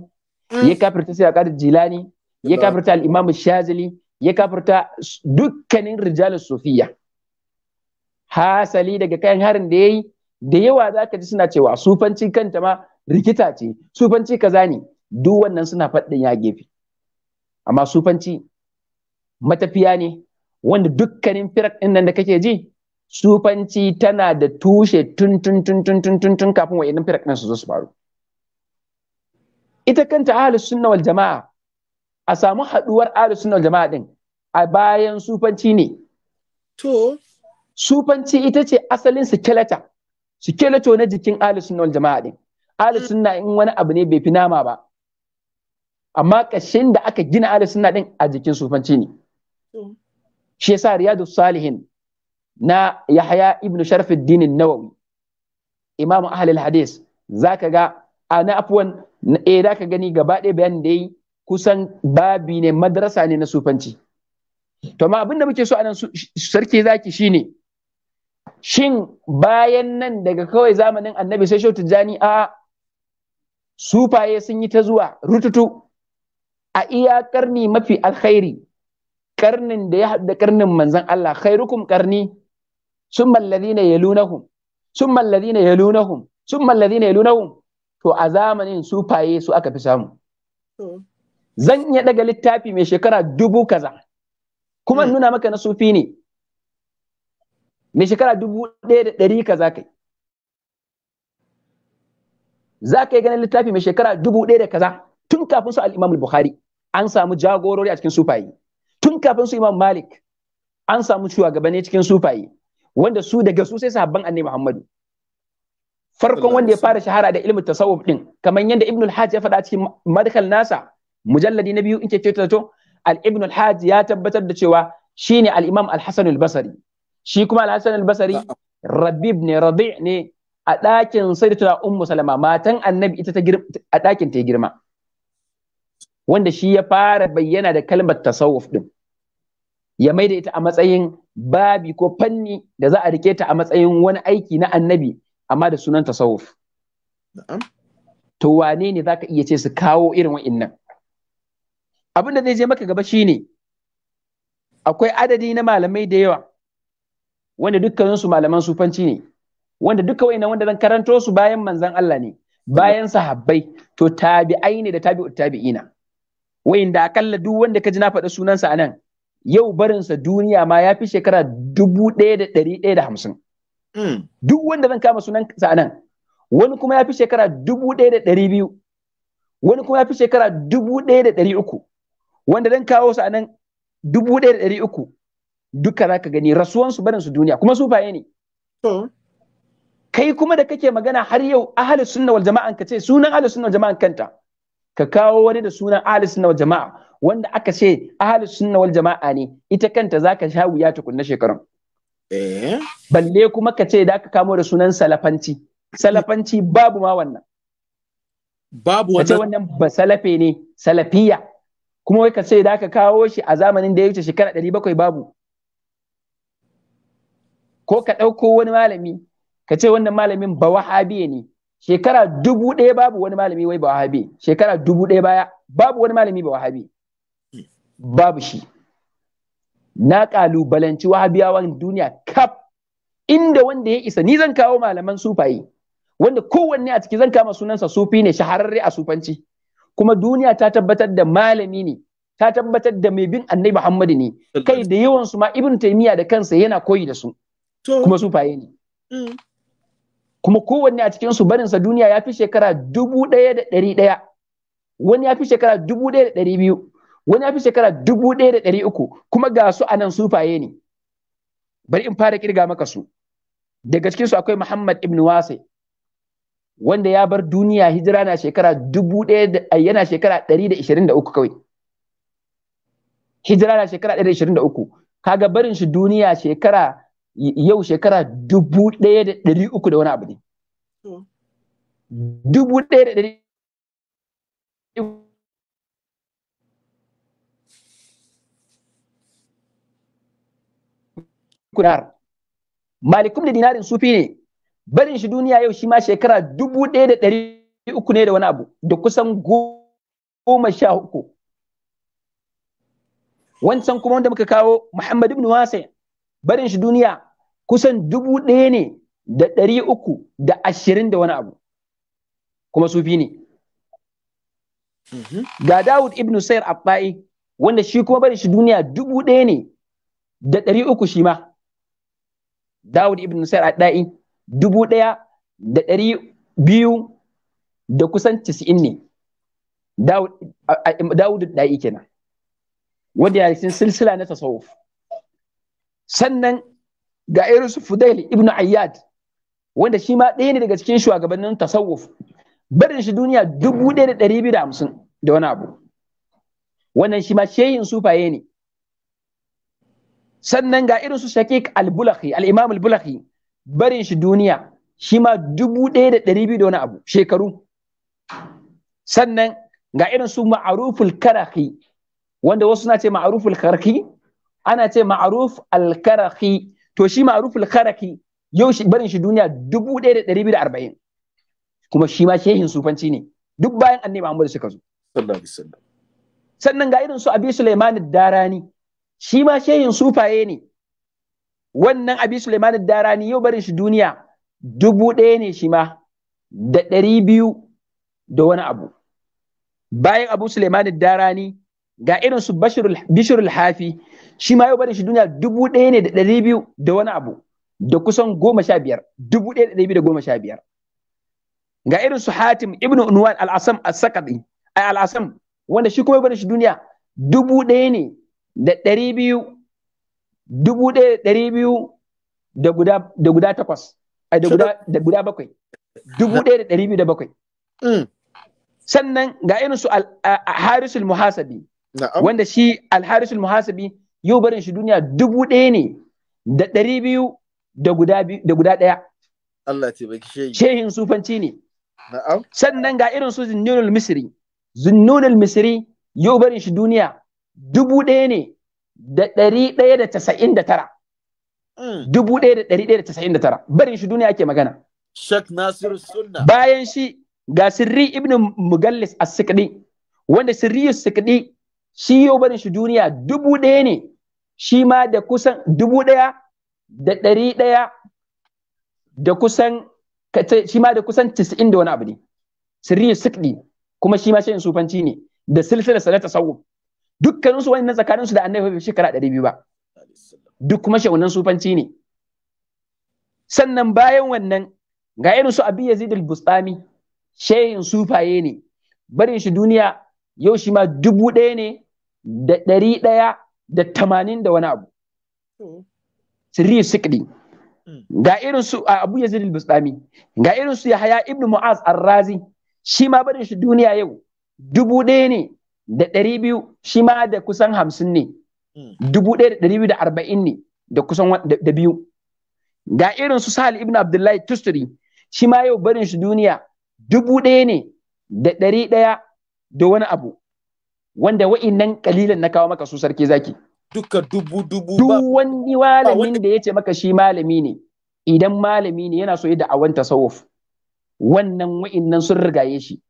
ya mm. kafirta sai jilani ya kafirta al'imamu shazili ya kafirta dukkanin rijalus sufiya hasali daga kayan harin da ya yi? da yawa za ka ji suna cewa sufanci kanta ma rikita ce sufanci kaza ne duk wannan suna faɗin ya gefe amma sufanci matafiya ne wanda dukkanin firak ɗin nan da kake ji sufanci tana da tushe tun tun tun tun tun tun tun kafin wa'annan firak ɗin su zo su faru ita kanta ahlus sunna wal jama'a a samu haɗuwar ahlus sunna wal jama'a din a bayan sufanci ne to sufanci ita ce asalin sikelata. skeleton na jikin ahlus sunna wal jama'a din ahlus mm. sunna in wani abu ne bai fi nama ba amma ƙashin da aka gina ahlus sunna din a jikin sufanci ne shi yasa riyadu salihin na yahya ibn sharfuddin nawawi imamu ahlul hadis zaka ga ana afwan eh zaka gani gaba ɗaya bayanin da yi kusan babi ne madrasa ne na sufanci to ma abin muke so anan sarki zaki shine shin bayan nan daga kawai zamanin annabi sai shautu jani a sufaye sun yi ta zuwa rututu a iya karni mafi alkhairi karnin da ya haɗu da karnin manzan Allah khairukum karni Sun summa alladhina hun sun alladhina na summa alladhina hun to a zamanin su faye su aka fi samu zan iya daga littafi mai shekara dubu kaza kuma hmm. nuna maka na sufi ne mai shekara dubu ɗaya da ɗari kaza kai za ka yi ganin littafi mai shekara dubu ɗaya da kaza tun kafin su al'imam bukhari an samu jagorori a cikin sufayi tun kafin su imam malik an samu shugabanni cikin sufaye wanda su daga su sai sahabban annabi muhammadu farkon wanda ya fara shahara da ilmin tasawuf din kamar yadda ibnul hajj ya faɗa cikin madkhal nasa mujalladi na biyu in ce to al ibnul hajj ya tabbatar da cewa shine al imam al hasan al basri shi kuma al hasan al basri ne rabi ne a ɗakin sayyidatu ummu salama matan annabi ita ta girma, a ɗakin ta girma wanda shi ya fara bayyana da kalmar tasawuf din ya maida ita a matsayin babi ko fanni da za a rike ta a matsayin wani aiki na annabi amma da sunan tasawuf to wane ne zaka iya ce su kawo irin wa'innan abin da zai je maka gaba shine akwai adadi na malamai da yawa wanda dukkaninsu malaman sufanci ne wanda duka wa'innan wanda zan karanto su bayan manzan Allah ne bayan sahabbai to tabi'ai ne da tabi'ut tabi'ina da akalla duk wanda ka ji na faɗa sunansa anan yau barinsa duniya ma ya fi shekara dubu ɗaya da ɗari ɗaya da hamsin. Hmm. Duk wanda zan kama sunan sa nan, wani kuma ya fi shekara dubu ɗaya da ɗari biyu, wani kuma ya fi shekara dubu ɗaya da ɗari uku, wanda zan kawo sa nan dubu ɗaya da ɗari uku, duka za ka gani rasuwansu barinsu duniya, kuma su faye ne. Kai kuma da kake magana har yau ahalus sunna wal jama'an ka ce sunan ahalus sunna wal jama'an kanta. Ka kawo wani da sunan ahalus sunna wal jama'a wanda aka ce ahalus sunna wal jama'a ne ita kanta zaka sha wuya tukunna shekarun eh balle kuma ka ce da ka kamo da sunan salafanci salafanci babu ma wannan babu wannan wannan ba salafe ne salafiya kuma wai ka ce da ka kawo shi a zamanin da ya wuce shekara 700 babu ko ka ɗauko wani malami ka ce wannan malamin ba wahabi ne shekara dubu ɗaya babu wani malami wai ba wahabi shekara dubu ɗaya baya babu wani malami ba wahabi babu shi na kalubalanci wahabiyawan duniya kaf inda wanda ya isa ni zan kawo malaman sufaye wanda kowanne a ciki zan kama sunansa sufi ne shahararre a sufanci kuma duniya ta tabbatar da malami ne ta tabbatar da mai bin annabi Muhammadu ne kai da yawan su ma ibn taymiya da kansa yana koyi da su kuma sufaye ne mm. kuma kowanne a cikin su barinsa duniya ya fi shekara dubu ɗaya da ɗari ɗaya wani ya fi shekara dubu ɗaya da ɗari biyu wani ya fi shekara dubu ɗaya da ɗari uku kuma ga su anan sufaye ne bari in fara kirga maka su daga cikin su akwai Muhammad ibn Wasi wanda ya bar duniya hijira na shekara dubu ɗaya yana shekara ɗari da ishirin da uku kawai hijira na shekara ɗari da ishirin da uku kaga barin shi duniya shekara yau shekara dubu ɗaya da ɗari uku da wani abu ne dubu ɗaya da ɗari kunar malikum da dinarin sufi ne barin shi duniya yau shi ma shekara dubu ɗaya da ɗari uku ne da wani abu da kusan goma sha uku wancan kuma wanda muka kawo muhammad ibn wasa barin shi duniya kusan dubu ɗaya ne da ɗari uku da ashirin da wani abu kuma sufi ne mhm. ga dawud ibn sayar abba'i wanda shi kuma barin shi duniya dubu ɗaya ne da ɗari uku shi ma Dawud ibn Nusair Adda'i dubu ɗaya da ɗari biyu da kusan tis'in ne Dawud Adda'i kenan wanda ya cikin silsila na tasawuf sannan ga irin su Fudail ibn Ayyad wanda shi ma ɗaya ne daga cikin shugabannin tasawuf barin shi duniya dubu ɗaya da ɗari biyu da hamsin da wani abu wannan shi ma shehin sufaye ne sannan ga irin su shaqiq al-bulakhi al-imam al-bulakhi barin shi duniya shi ma dubu ɗaya da ɗari biyu da wani abu shekaru sannan ga irin su ma'aruful karahi wanda wasu na ce ma'aruful karahi ana ce ma'aruf al-karahi to shi ma'aruful karahi yau shi barin shi duniya dubu ɗaya da ɗari biyu da arba'in kuma shi ma shehin sufanci ne duk bayan annabi Muhammad suka zo sannan ga irin su abi Sulaiman darani shi ma shehin sufaye ne wannan abi suleiman darani yau barin shi duniya dubu ɗaya ne shi ma da ɗari biyu da wani abu bayan abu suleiman darani ga irin su bashirul hafi shi ma yau barin shi duniya dubu ɗaya ne da ɗari biyu da wani abu da kusan goma sha biyar dubu ɗaya da ɗari biyu da goma sha biyar ga irin su hatim Ibn unwan al-asam al-sakadi al-asam wanda shi kuma yau barin shi duniya dubu ɗaya ne da ɗari biyu dubu ɗaya da ɗari biyu da guda da guda takwas ai da guda da guda bakwai dubu ɗaya da ɗari biyu da bakwai mm. sannan ga irin su harisul muhasabi wanda shi Harisul muhasabi yau barin shi duniya dubu ɗaya ne da ɗari biyu da guda ɗaya Allah ce baki shehi shehin sufanci ne sannan ga irin su zinnunul misri zinnunul misri yau barin shi duniya dubu ɗaya ne da ɗari ɗaya da casa'in da tara. Hmm. Dubu ɗaya da ɗari ɗaya da casa'in da tara. Barin shi duniya ake magana. Shek Nasiru Sunna. Bayan shi ga Sirri Ibn Mugallis a sikdi wanda Sirri sikdi shi yau barin shi duniya dubu ɗaya ne shi ma da kusan dubu ɗaya da ɗari ɗaya da kusan shi ma da kusan casa'in da wani abu ne. Sirri sikdi kuma shi ma shayin sufanci ne da silsilar sa ta tasawuf. dukkanin su wannan tsakanin su da annabi bai shekara 200 ba duk kuma shaunan sufanci ne sannan bayan wannan ga irin su abi yazid al-bustami shehin sufaye ne barin shi duniya yau shi ma dubu ɗaya ne da ɗari ɗaya da tamanin da wani abu sirri sikdi ga irin su abu yazid al-bustami ga irin su yahaya ibnu mu'az ar-razi shi ma barin shi duniya yau dubu ɗaya ne da ɗari biyu shi ma da kusan hamsin ne hmm. dubu ɗaya da ɗari biyu da arba'in ne da kusan da biyu ga irin su sahal ibn abdullahi tusturi shi ma yau barin shi duniya dubu ɗaya ne da ɗari ɗaya da wani abu wanda wa'innan kalilan na kawo maka su sarki zaki duka dubu dubu duk wani malamin da ya ce maka shi malami ne idan malami ne yana so yi da da'awan tasawuf wannan wa'innan sun rigaye shi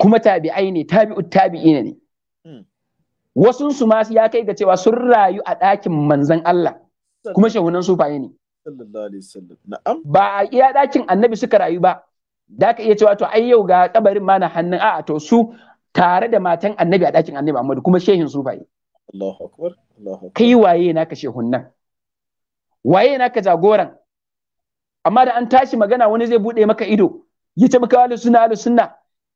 kuma tabi'ai ne tabi'ut tabi'ina ne hmm. wasun su ma ya kai ga cewa sun rayu a ɗakin manzan Allah kuma shahunan sufaye ne ba a iya ɗakin annabi suka rayu ba da ka iya cewa to ai yau ga kabarin ma na hannun a'a to su tare da matan annabi a ɗakin annabi Muhammadu kuma shehin sufaye Allahu akbar kai waye naka shehunan waye naka jagoran amma da an tashi magana wani zai bude maka ido ya ce maka ahlus sunna ahlus sunna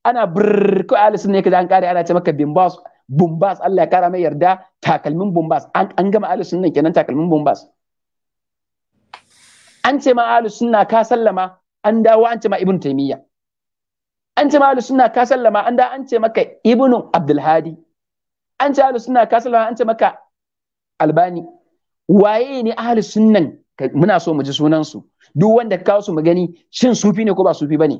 ana brrr ko ahli sunna yake da an kare ana ce maka bimbas bumbas Allah ya kara mai yarda takalmin bumbas an gama ahli sunna kenan takalmin bumbas an ce ma ahli sunna ka sallama an dawo an ce ma ibnu taymiya an ce ma ahli sunna ka sallama an da an ce maka ibnu abdul hadi an ce ahli sunna ka sallama an ce maka albani waye ne ahli sunnan muna so mu ji sunan su duk wanda ka kawo su mu gani shin sufi ne ko ba sufi bane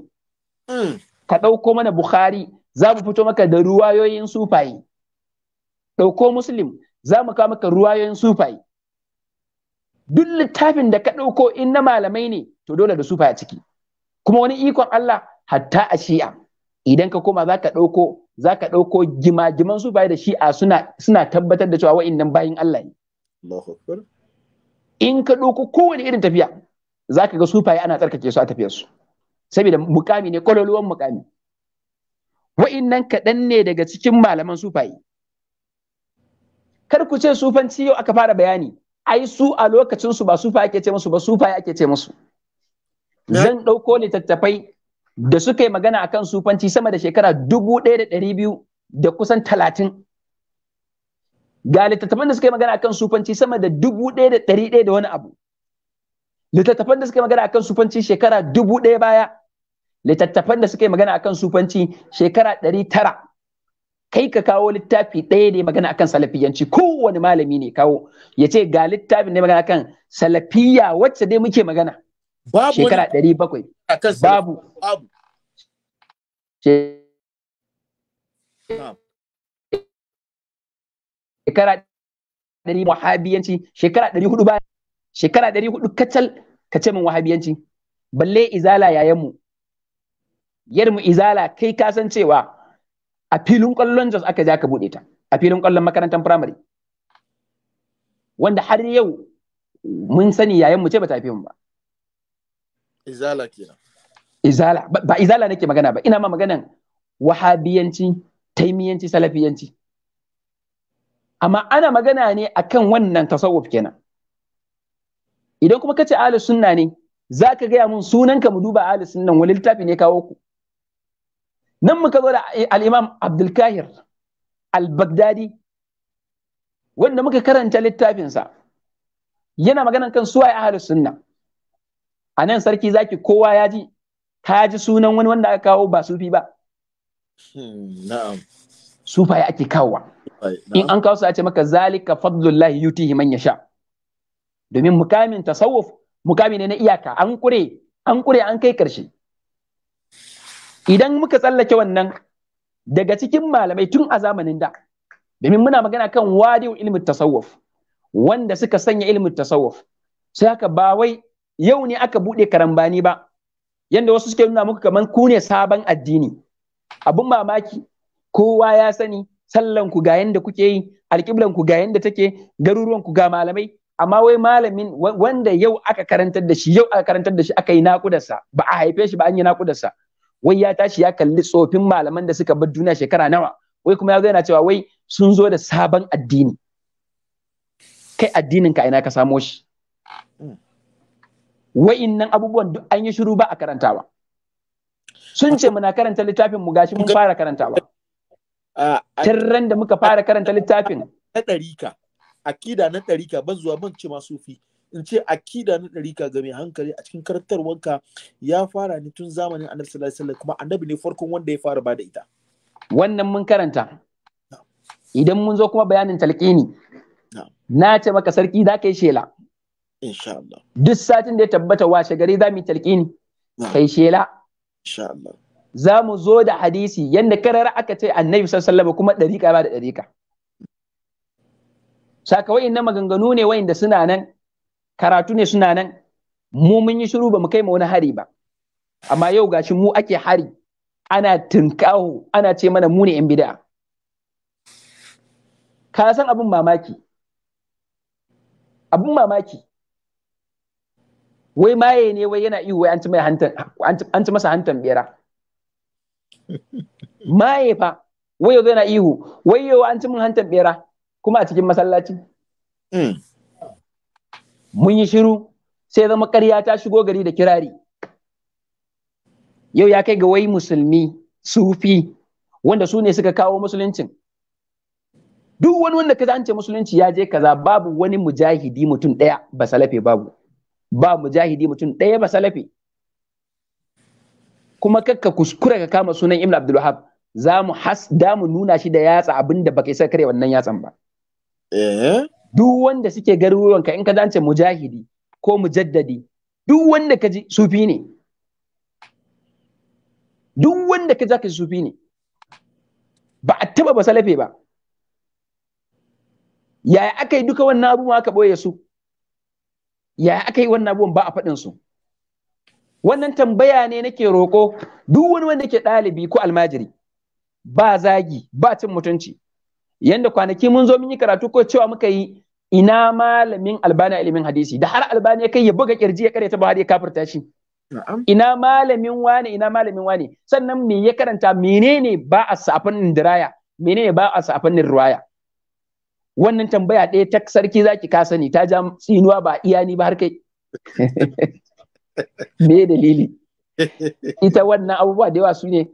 hmm. ka ɗauko mana bukhari za mu fito maka da ruwayoyin sufayi ɗauko muslim za mu kawo maka ruwayoyin sufayi duk littafin da ka ɗauko in na malamai ne to dole da sufa a ciki kuma wani ikon Allah hatta a shi'a idan ka koma za ka ɗauko za ka ɗauko gima-giman sufaye da shi'a suna suna tabbatar da cewa wa'innan bayin Allah ne in ka ɗauko kowane irin tafiya za ka ga sufaye ana tsarkake su a tafiyarsu saboda mukami ne kwaloluwan mukami wa'innan kaɗan ne daga cikin malaman sufaye kar ku ce sufanci yau aka fara bayani ai su a lokacinsu su ba sufa ake ce musu ba sufaye ake ce musu zan ɗauko littattafai da suka yi magana akan sufanci sama da shekara dubu ɗaya da ɗari biyu da kusan talatin ga littattafan da suka yi magana akan sufanci sama da dubu ɗaya da ɗari ɗaya da wani abu littattafan da suka magana akan sufanci shekara dubu ɗaya baya littattafan da suka magana akan sufanci shekara ɗari tara kai ka kawo littafi ɗaya ne magana akan salafiyanci kowane malami ne kawo ya ce ga littafin ne magana akan salafiya wacce dai muke magana shekara ɗari bakwai babu shekara ɗari wahabiyanci shekara ɗari hudu baya shekara ɗari hudu kacal ka ce min wahabiyanci balle izala yar mu izala kai ka san cewa a filin kwallon jos aka ja ka buɗe ta a filin kwallon makarantar firamare wanda har yau mun sani mu ce ba ta fi mu ba izala kenan izala ba izala nake magana ba ina ma maganan wahabiyanci taimiyanci salafiyanci amma ana magana ne akan wannan tasawuf kenan idan kuma kace ahlus sunna ne za ka gaya mun sunanka mu duba ahlus sunnan wani littafi ne kawo ku nan muka zo da al-imam Abdul Kahir al-Baghdadi wanda muka karanta littafinsa yana maganan kan suwa ahlus sunna a nan sarki zaki kowa ya ji ka ji sunan wani wanda aka kawo ba sufi ba hmm, na'am ya ake kawowa in an kawo su a ce maka zalika fadlullahi yutihi man yasha domin mukamin tasawuf mukami ne na iyaka an kure an kure an kai karshe idan muka tsallake wannan daga cikin malamai tun a zamanin da domin muna magana kan wadi'u ilimin tasawuf wanda suka sanya ilimin tasawuf sai haka ba wai yau ne aka buɗe karambani ba yanda wasu suke nuna muku kamar ku ne sabon addini abun mamaki kowa ya sani sallan ku ga yanda kuke yi alƙiblan ku ga yanda take garuruwan ku ga malamai amma wai malamin wanda yau aka karantar da shi yau aka karantar da shi aka yi nakudarsa ba a haife shi ba an yi nakudarsa wai ya tashi ya kalli tsofin malaman da suka bar duniya shekara nawa wai kuma ya yana cewa wai sun zo da sabon addini kai addinin ka ina ka samo shi Wai nan abubuwan duk an yi shiru ba a karantawa sun ce muna karanta littafin mu gashi mun fara karantawa tarran da muka fara karanta littafin ta akida na ɗarika ban zuwa ban ce masu sufi in ce akida na ɗarika ga mai hankali a cikin karantarwanka ya fara ne tun zamanin annabi sallallahu alaihi wasallam kuma annabi ne farkon wanda ya fara bada ita wannan mun karanta idan mun zo kuma bayanin talqini na ce maka sarki za ka yi shela insha Allah duk satin da ya tabbata washe gari za mu yi talqini kai shela insha Allah za mu zo da hadisi yadda karara aka ce annabi sallallahu alaihi wasallam kuma ɗarika ba da ɗarika. saka na maganganu ne da suna nan karatu ne suna nan mu mun yi shiru ba mu kai ma wani hari ba amma yau gashi mu ake hari ana tunkaho ana ce mana mu ne yan bid'a ka san abin mamaki abun mamaki wai maye ne wai yana iyo wai an ci masa hantan bera maye fa wai yau yana ihu wai yau an ci min hantan bera kuma a cikin masallaci hmm. mun yi shiru sai zama ƙarya ta shigo gari da kirari yau ya kai ga wai musulmi sufi wanda su ne suka kawo musuluncin duk wani wanda ka zance musulunci ya je kaza babu wani mujahidi mutum ɗaya ba salafe babu ba mujahidi mutum ɗaya ba salafe kuma kakka kuskura ka kama sunan ibn abdul wahab za mu nuna shi da yatsa abinda baka isa kare wannan yatsan ba Eh? duk wanda suke garuruwanka in ka zance mujahidi ko mujaddadi duk wanda ka ji sufi ne duk wanda ka ji sufi ne ba a taba basalafe ba yaya aka yi duka wannan abubuwan aka ɓoye su yaya aka yi wannan abubuwan ba a faɗin su wannan tambaya ne nake roƙo duk wani wanda ke ɗalibi ko almajiri ba zagi ba cin mutunci yanda kwanaki mun zo mun yi karatu ko cewa muka yi ina malamin albani ilimin hadisi da har albani ya kai ya buga kirji ya ta buhari ya kafirta shi ina malamin wane ina malamin wane sannan me ya karanta menene ba a safin diraya menene ba a safin ruwaya wannan tambaya ɗaya ta sarki zaki ka sani ta ja tsinuwa ba iya ni ba har kai me dalili ita wannan abubuwa da yawa su ne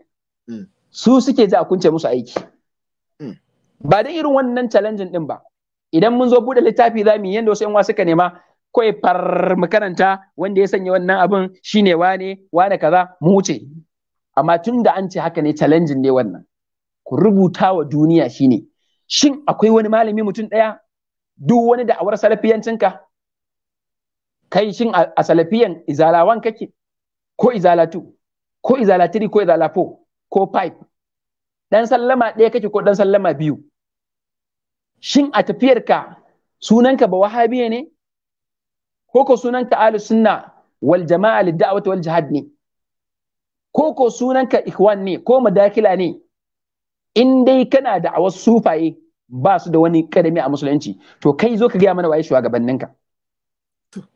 mm. su suke a kunce musu aiki ba da irin wannan challenge din ba idan mun zo bude littafi za mu yi yanda wasu yan suka nema kawai far mu karanta wanda ya sanya wannan abin shine wane wane kaza mu wuce amma tun da an ce haka ne challenge ne wannan ku rubuta wa duniya shine shin akwai wani malami mutum ɗaya duk wani da'awar salafiyancinka kai shin a salafiyan izalawan kake ko izalatu ko izalatiri ko izalafo ko pipe dan sallama ɗaya kake ko dan sallama biyu shin a tafiyarka sunanka ba wahabiya ne ko ko sunanka ahlus sunna wal jama'a lid da'wati wal jihad ne ko ko sunanka ikhwan ne ko madakila ne in dai kana da awas sufaye ba su da wani kadami a musulunci to kai zo ka gaya mana waye shugabanninka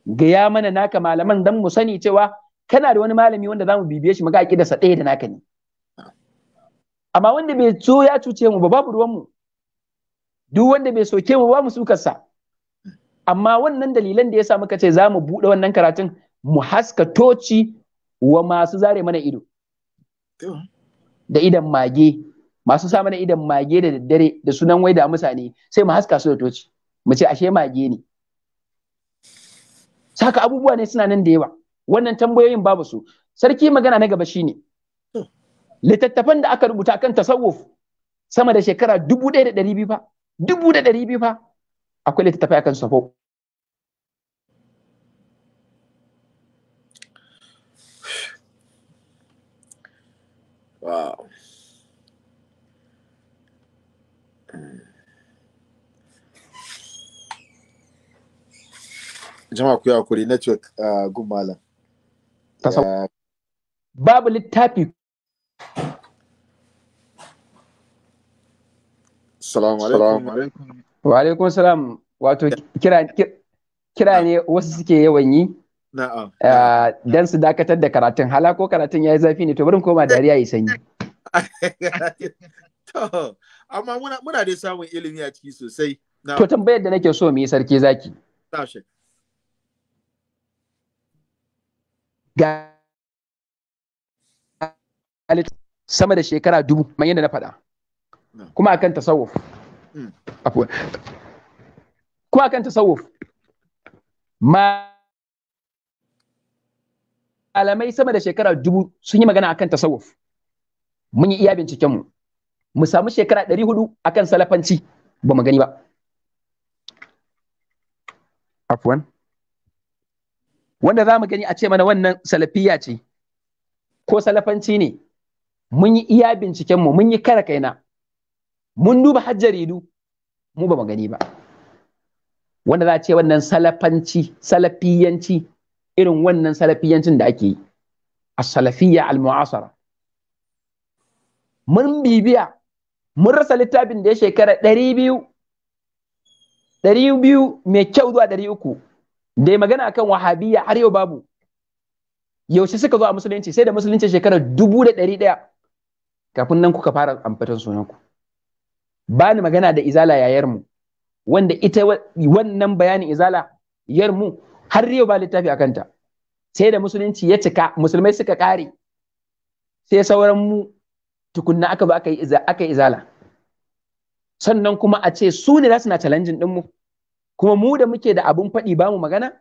gaya mana naka malaman dan mu sani cewa kana da wani malami wanda zamu bibiye shi muga sa ɗaya da naka ne amma wanda bai so ya cuce mu babu ruwan mu duk wanda bai soke mu ba mu sukarsa amma wannan dalilan da ya sa muka ce za mu buɗe wannan karatun mu haska toci wa masu zare mana ido da idan mage masu sa mana idan mage da daddare da sunan wai da mutane sai mu haska su da toci mu ce ashe mage ne saka abubuwa ne suna nan da yawa wannan tambayoyin babu su sarki magana na gaba shine littattafan da aka rubuta kan tasawuf sama da shekara dubu ɗaya da ɗari biyu fa dubu da ɗari biyu fa akwai littattafai akan safo Wow. Jama'a ku yi hakuri network uh, gumala. malam. Uh, Babu littafi Assalamu alaikum. Wa alaikum salam. Wato kira ne wasu suke yawan yi. Eh, dan su dakatar da karatun hala ko karatun ya yi zafi ne to bari koma dariya yi sanyi. amma muna dai samun ilimi a ciki sosai. To tambayar da nake so mu yi sarki zaki. Ga sama da shekara dubu, manyan yadda na faɗa. kuma akan tasawuf mm. kuma akan tasawuf malamai sama da shekara dubu sun yi magana akan tasawuf mun yi iya bincikenmu mu samu shekara ɗari hudu akan salafanci ba mu gani ba afwan wanda za mu gani a ce mana wannan salafiya ce ko salafanci ne mun yi iya bincikenmu mun yi kara kaina mun duba har jaridu mu ba mu gani ba wanda za a ce wannan salafanci salafiyanci irin wannan salafiyancin da ake yi a salafiyya al-mu'asara mun bibiya mun rasa littafin da ya shekara ɗari biyu ɗari biyu mai kyau zuwa ɗari uku da ya magana akan wahabiyya har yau babu yaushe suka zo a musulunci sai da musulunci shekara dubu da ɗari ɗaya kafin nan kuka fara sunan sunanku Bani magana da izala yayar mu wanda ita wannan bayanin izala yayar mu har yau ba littafi a kanta sai da musulunci ya cika musulmai suka kare sai sauran mu tukunna aka ba aka yi izala sannan kuma a ce su ne za su na challenging din mu kuma mu da muke da abun faɗi ba mu magana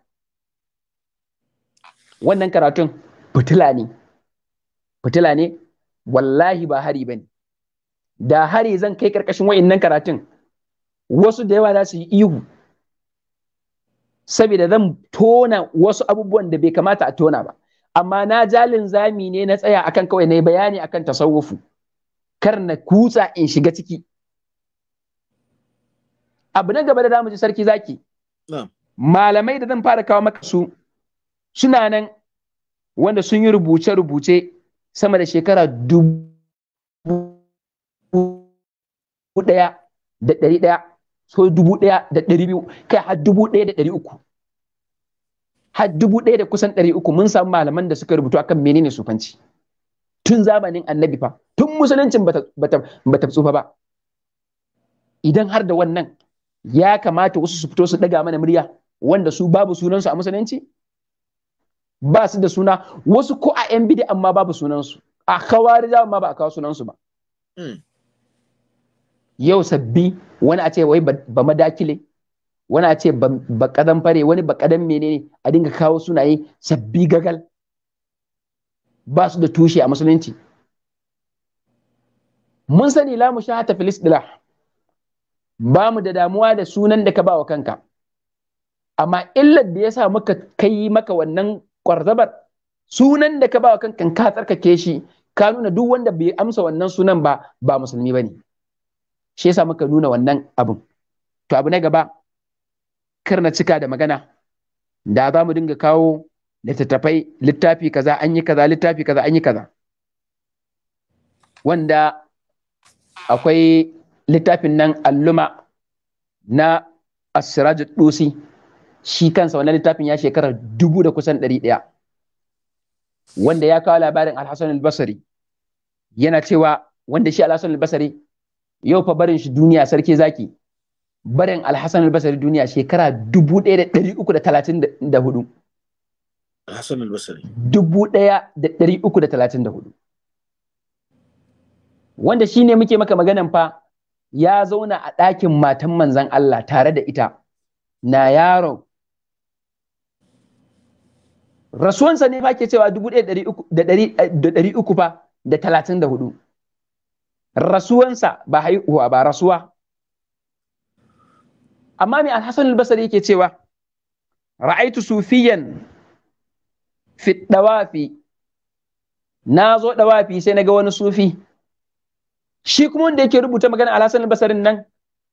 wannan karatun fitila ne fitila ne wallahi ba hari bane da hari zan kai karkashin wa'annan karatun wasu da yawa za su yi ihu saboda zan tona wasu abubuwan da bai kamata a tona ba amma na jalin zami ne na tsaya akan kawai na bayani akan tasawufu kar na kutsa in shiga ciki abu na gaba da mu ji sarki zaki malamai da zan fara kawo maka su suna nan wanda sun yi rubuce-rubuce sama da shekara dubu ɗaya da ɗari ɗaya so dubu ɗaya da ɗari biyu kai har dubu ɗaya da ɗari uku har dubu ɗaya da kusan ɗari uku mun samu malaman da suka rubutu akan menene sufanci tun zamanin annabi fa tun musuluncin bata tsufa ba idan har da wannan ya kamata wasu su fito su ɗaga mana murya wanda su babu sunansu a musulunci ba su da suna wasu ko a 'yan bidi amma babu sunansu a kawari ma ba a kawo sunansu ba hmm. yau sabbi wani a ce wai ba madakile wani a ce ba kadan fare wani ba kadan menene a dinga kawo sunaye sabbi gagal ba su da tushe a musulunci mun sani la mushahata fil istilah ba mu da damuwa da sunan da ka ba wa kanka amma illar da ya sa muka kai maka wannan kwarzabar sunan da ka ba wa kanka ka tsarkake shi ka nuna duk wanda bai amsa wannan sunan ba ba musulmi bane shi yasa muka nuna wannan abin to abu na gaba kar na cika da magana da za mu dinga kawo littattafai littafi kaza an yi kaza littafi kaza an yi kaza wanda akwai littafin nan alluma na asirajin dusi shi kansa wannan littafin ya shekarar dubu da kusan ɗari ɗaya wanda ya kawo labarin alhassan albasari yana cewa wanda shi alhassan albasari yau fa barin shi duniya sarki zaki barin alhassan albasari duniya shekara 1334 alhassan albasari hudu. wanda shi ne muke maka maganan fa ya zauna a ɗakin matan manzan Allah tare da ita na yaron rasuwansa ne fa ke cewa 1334 fa da 34 rasuwansa ba haihuwa ba rasuwa amma mai alhassan albasari yake cewa ra'aitu sufiyan fi dawafi na zo dawafi sai na ga wani sufi shi kuma wanda yake rubuta magana alhassan albasarin nan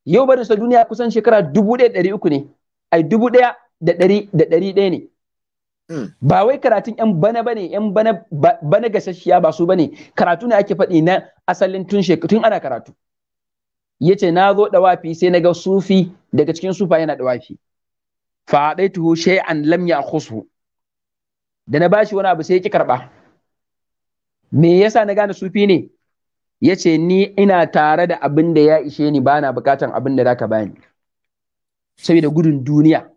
yau barinsa duniya kusan shekara dubu ɗaya ɗari uku ne ai dubu ɗaya da ɗari da ɗari ɗaya ne Hmm. ba wai karatun yan bana bane yan bana bana gasasshiya ba su bane karatu ne ake faɗi na asalin tun tun ana karatu yace na zo dawafi sai na ga sufi daga cikin sufa yana da dawafi fa daituhu shay'an lam ya'khushu da na bashi wani abu sai ya ki karba me yasa na gane sufi ne yace ni ina tare da abin da ya ishe ni bana bukatan abin da zaka bani saboda gudun duniya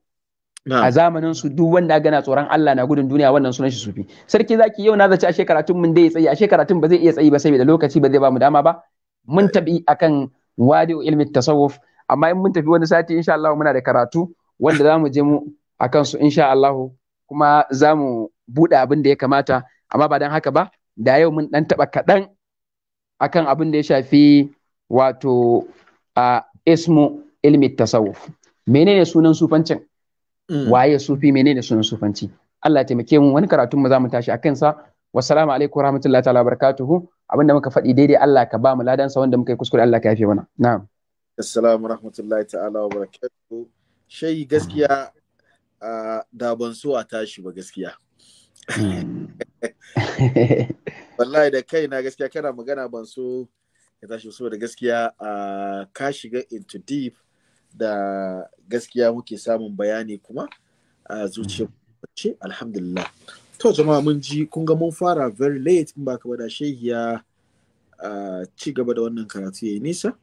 a zamanin su duk wanda gana tsoron Allah na gudun duniya wannan sunan shi sufi sarki zaki yau na zaci ashe karatun mun dai tsayi ashe karatun ba zai iya tsayi ba saboda lokaci ba zai ba mu dama ba mun tabi akan wadi ilmi tasawuf amma in mun tafi wani sati insha Allah muna da karatu wanda zamu je mu akan su insha Allah kuma zamu buɗe abin da ya kamata amma ba dan haka ba da yau mun dan taba kaɗan akan abin da ya shafi wato a ismu ilmi tasawuf menene sunan sufancin Mm. waye sufi menene sunan sufanci Allah ya taimake mu wani karatun mu zamu tashi akan sa wassalamu alaikum warahmatullahi ta'ala barakatuhu abinda muka faɗi daidai Allah ka ba mu ladan sa wanda muka yi kuskure Allah ka yafe mana na'am assalamu rahmatullahi ta'ala wa barakatuhu shai gaskiya da ban so a tashi ba gaskiya mm. wallahi da kai na gaskiya kana magana ban so ya tashi so da gaskiya ka shiga into deep da gaskiya muke samun bayani kuma a zuciya ce alhamdulillah to jama'a mun ji kun ga mun fara very late in ba ka da shehi ya ci gaba da wannan karatu ya yi nisa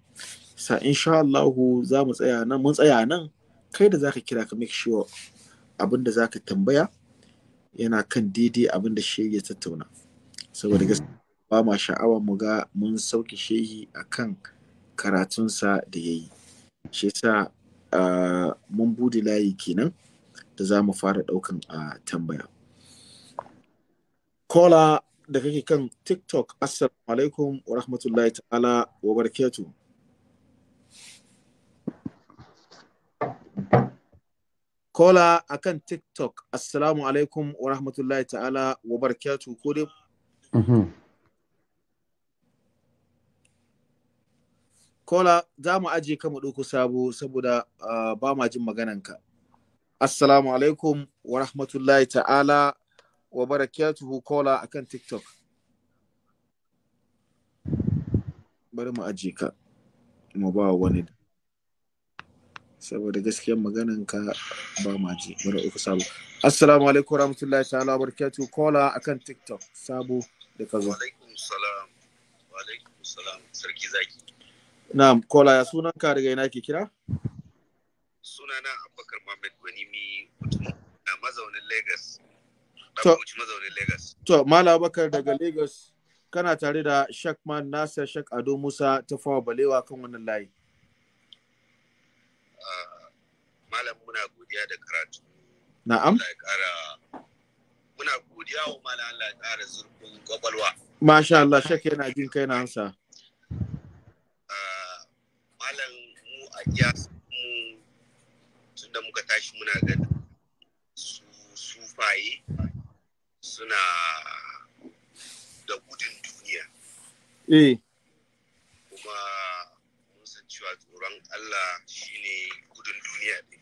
sa insha Allah za mu tsaya nan mun tsaya nan kai da zaka kira ka make sure abin da zaka tambaya yana kan daidai abin da shehi ya tattauna saboda gaskiya ba ma sha'awa mu ga mun sauke shehi akan karatunsa da yayi shi sa mun bude layi kenan da za mu fara daukan a tambaya kola da kake kan tiktok assalamu alaikum wa rahmatullahi ta'ala wa barakatuh kola a kan tiktok assalamu alaikum wa rahmatullahi ta'ala wa barakatu ko dai mhm. kola za mu aje kama mu ɗauko sabo saboda ah, ba ma jin magananka assalamu alaikum wa rahmatullahi ta'ala wa barakatuhu kola a kan tiktok bari mu aje ka mu ba wani saboda gaskiyar magananka ba ma ji bari uku sabo assalamu alaikum wa rahmatullahi ta'ala wa barakatuhu kola a kan tiktok sabo da ka zo wa alaikum salam wa alaikum salam sarki zaki Na'am, kola ya sunan ka daga ina ke kira? Sunana Abubakar Muhammad Gwanimi na mazaunin Lagos. To, mazaunin Lagos. To, Mala Abubakar daga Lagos kana tare da Shakman Nasir Shak Ado Musa ta fawa balewa kan wannan layi. Malam muna godiya da karatu. Na'am. Muna godiya wa Malam Allah ya ƙara zurfin kwakwalwa. Masha Allah, Shak yana jin kai na hansa. ya tun da muka tashi muna ganin su sufaye suna da gudun duniya eh. kuma mun san cewa tsoron Allah shine gudun duniya ne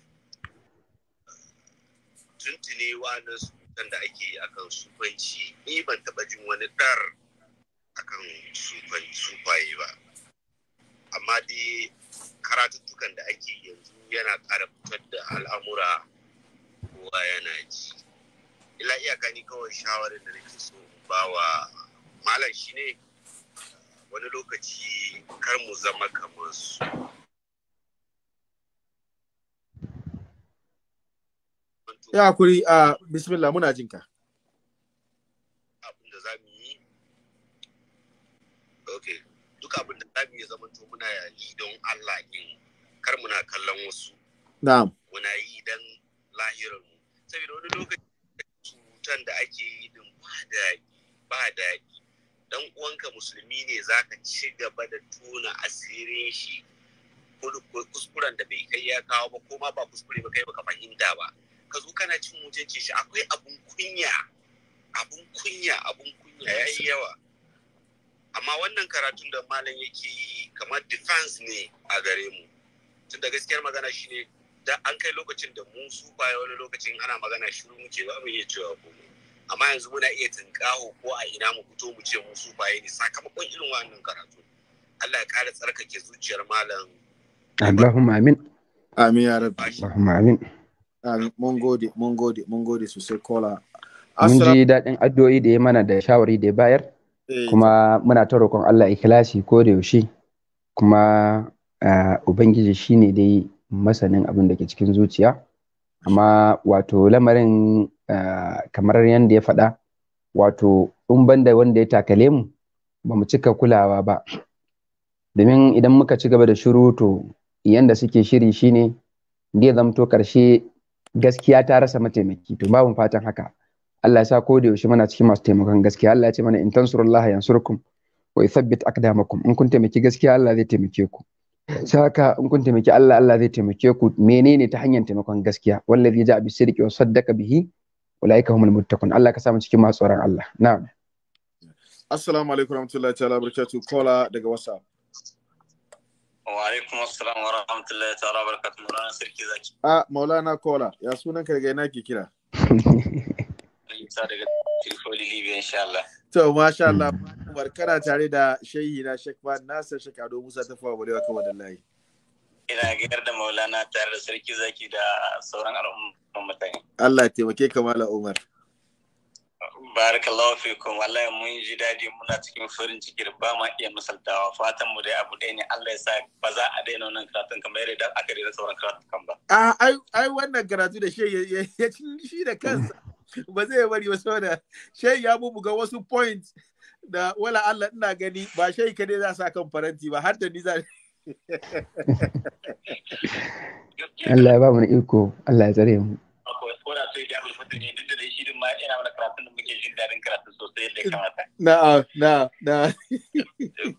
tuntune wa'annan da ake yi akan sufanci ni ban taɓa jin wani ɗar akan sufaye ba amma dai karatuttukan da ake yanzu yana ƙara fitar da al'amura kowa yana ji ila iyaka ni kawai shawarar da nake so ba wa malam shi ne wani lokaci kar mu zama kamar su ya kuri a bismillah muna jinka abin da za mu yi to muna yi don Allah in kar muna kallon wasu. Na'am. Muna yi don lahirin mu. Saboda wani lokaci surutan da ake yi din ba daɗi ba daɗi. Dan uwanka musulmi ne za ka ci gaba da tona asirin shi kuskuren da bai kai ya kawo ba ko ma ba kuskure ba kai baka fahimta ba. Ka zo kana cin mutunci shi akwai abun kunya abun kunya abun kunya yayi yawa. amma wannan karatun da malam yake yi kamar defense ne a gare mu tun da gaskiyar magana shine da an kai lokacin da mu su baya wani lokacin ana magana shiru muke ba mu iya cewa ko amma yanzu muna iya tunkaho ko a ina mu fito mu ce mu su baya ne sakamakon irin wannan karatu Allah ya kare tsarkake zuciyar malam Allahumma amin amin ya rabbi Allahumma amin amin mun gode mun gode mun gode sosai kola mun ji daɗin addu'o'i da ya mana da shawari da ya bayar Eh, kuma muna ta roƙon Allah ikhlasi ko da yaushe kuma ubangiji shine dai masanin abin da ke cikin zuciya amma wato lamarin kamar yadda ya faɗa wato in banda wanda ya takale mu ba mu cika kulawa ba domin idan muka ci gaba da shiru to yanda suke shiri shine zai zamto karshe gaskiya ta rasa mataimaki to babu fatan haka Allah ya sa ko da yaushe muna cikin masu taimakon gaskiya Allah ya ce mana in tansurullah yansurkum wa yuthabbit aqdamakum in kun taimaki gaskiya Allah zai taimake ku saka in kun taimaki Allah Allah zai taimake ku menene ta hanyar taimakon gaskiya wallazi bi sirqi wa Saddaka bihi ulaika humul muttaqun Allah ka samu cikin masu tsoron Allah na'am assalamu alaikum warahmatullahi ta'ala barakatuh kola daga whatsapp wa alaikum assalam wa rahmatullahi ta'ala barakatuh maulana sarki zaki ah maulana kola ya sunan ka daga ina ke kira fita daga tilfoli Libya insha Allah. To masha Allah Umar kana tare da shehi na Sheikh Ban Nasir Sheikh Ado Musa ta fawa barewa kan wannan layi. Ina gayar da Maulana tare da sarki zaki da sauran al'umma mutane. Allah ya taimake ka Mala Umar. Barakallahu fikum wallahi mun ji dadi muna cikin farin ciki da ba ma iya misaltawa fatan mu dai abu dai ne Allah ya sa ba za a daina wannan karatun kamar yadda aka daina sauran karatun kan ba. A ah, ai wannan karatu da shi ya shi da kansa. ba zai bari ba saboda shai ya bubuga wasu point da wala Allah ina gani ba shai ka dai za sa kan faranti ba har da ni za Allah ya ba mu iko Allah ya tsare mu Na'a, na'a, na'a.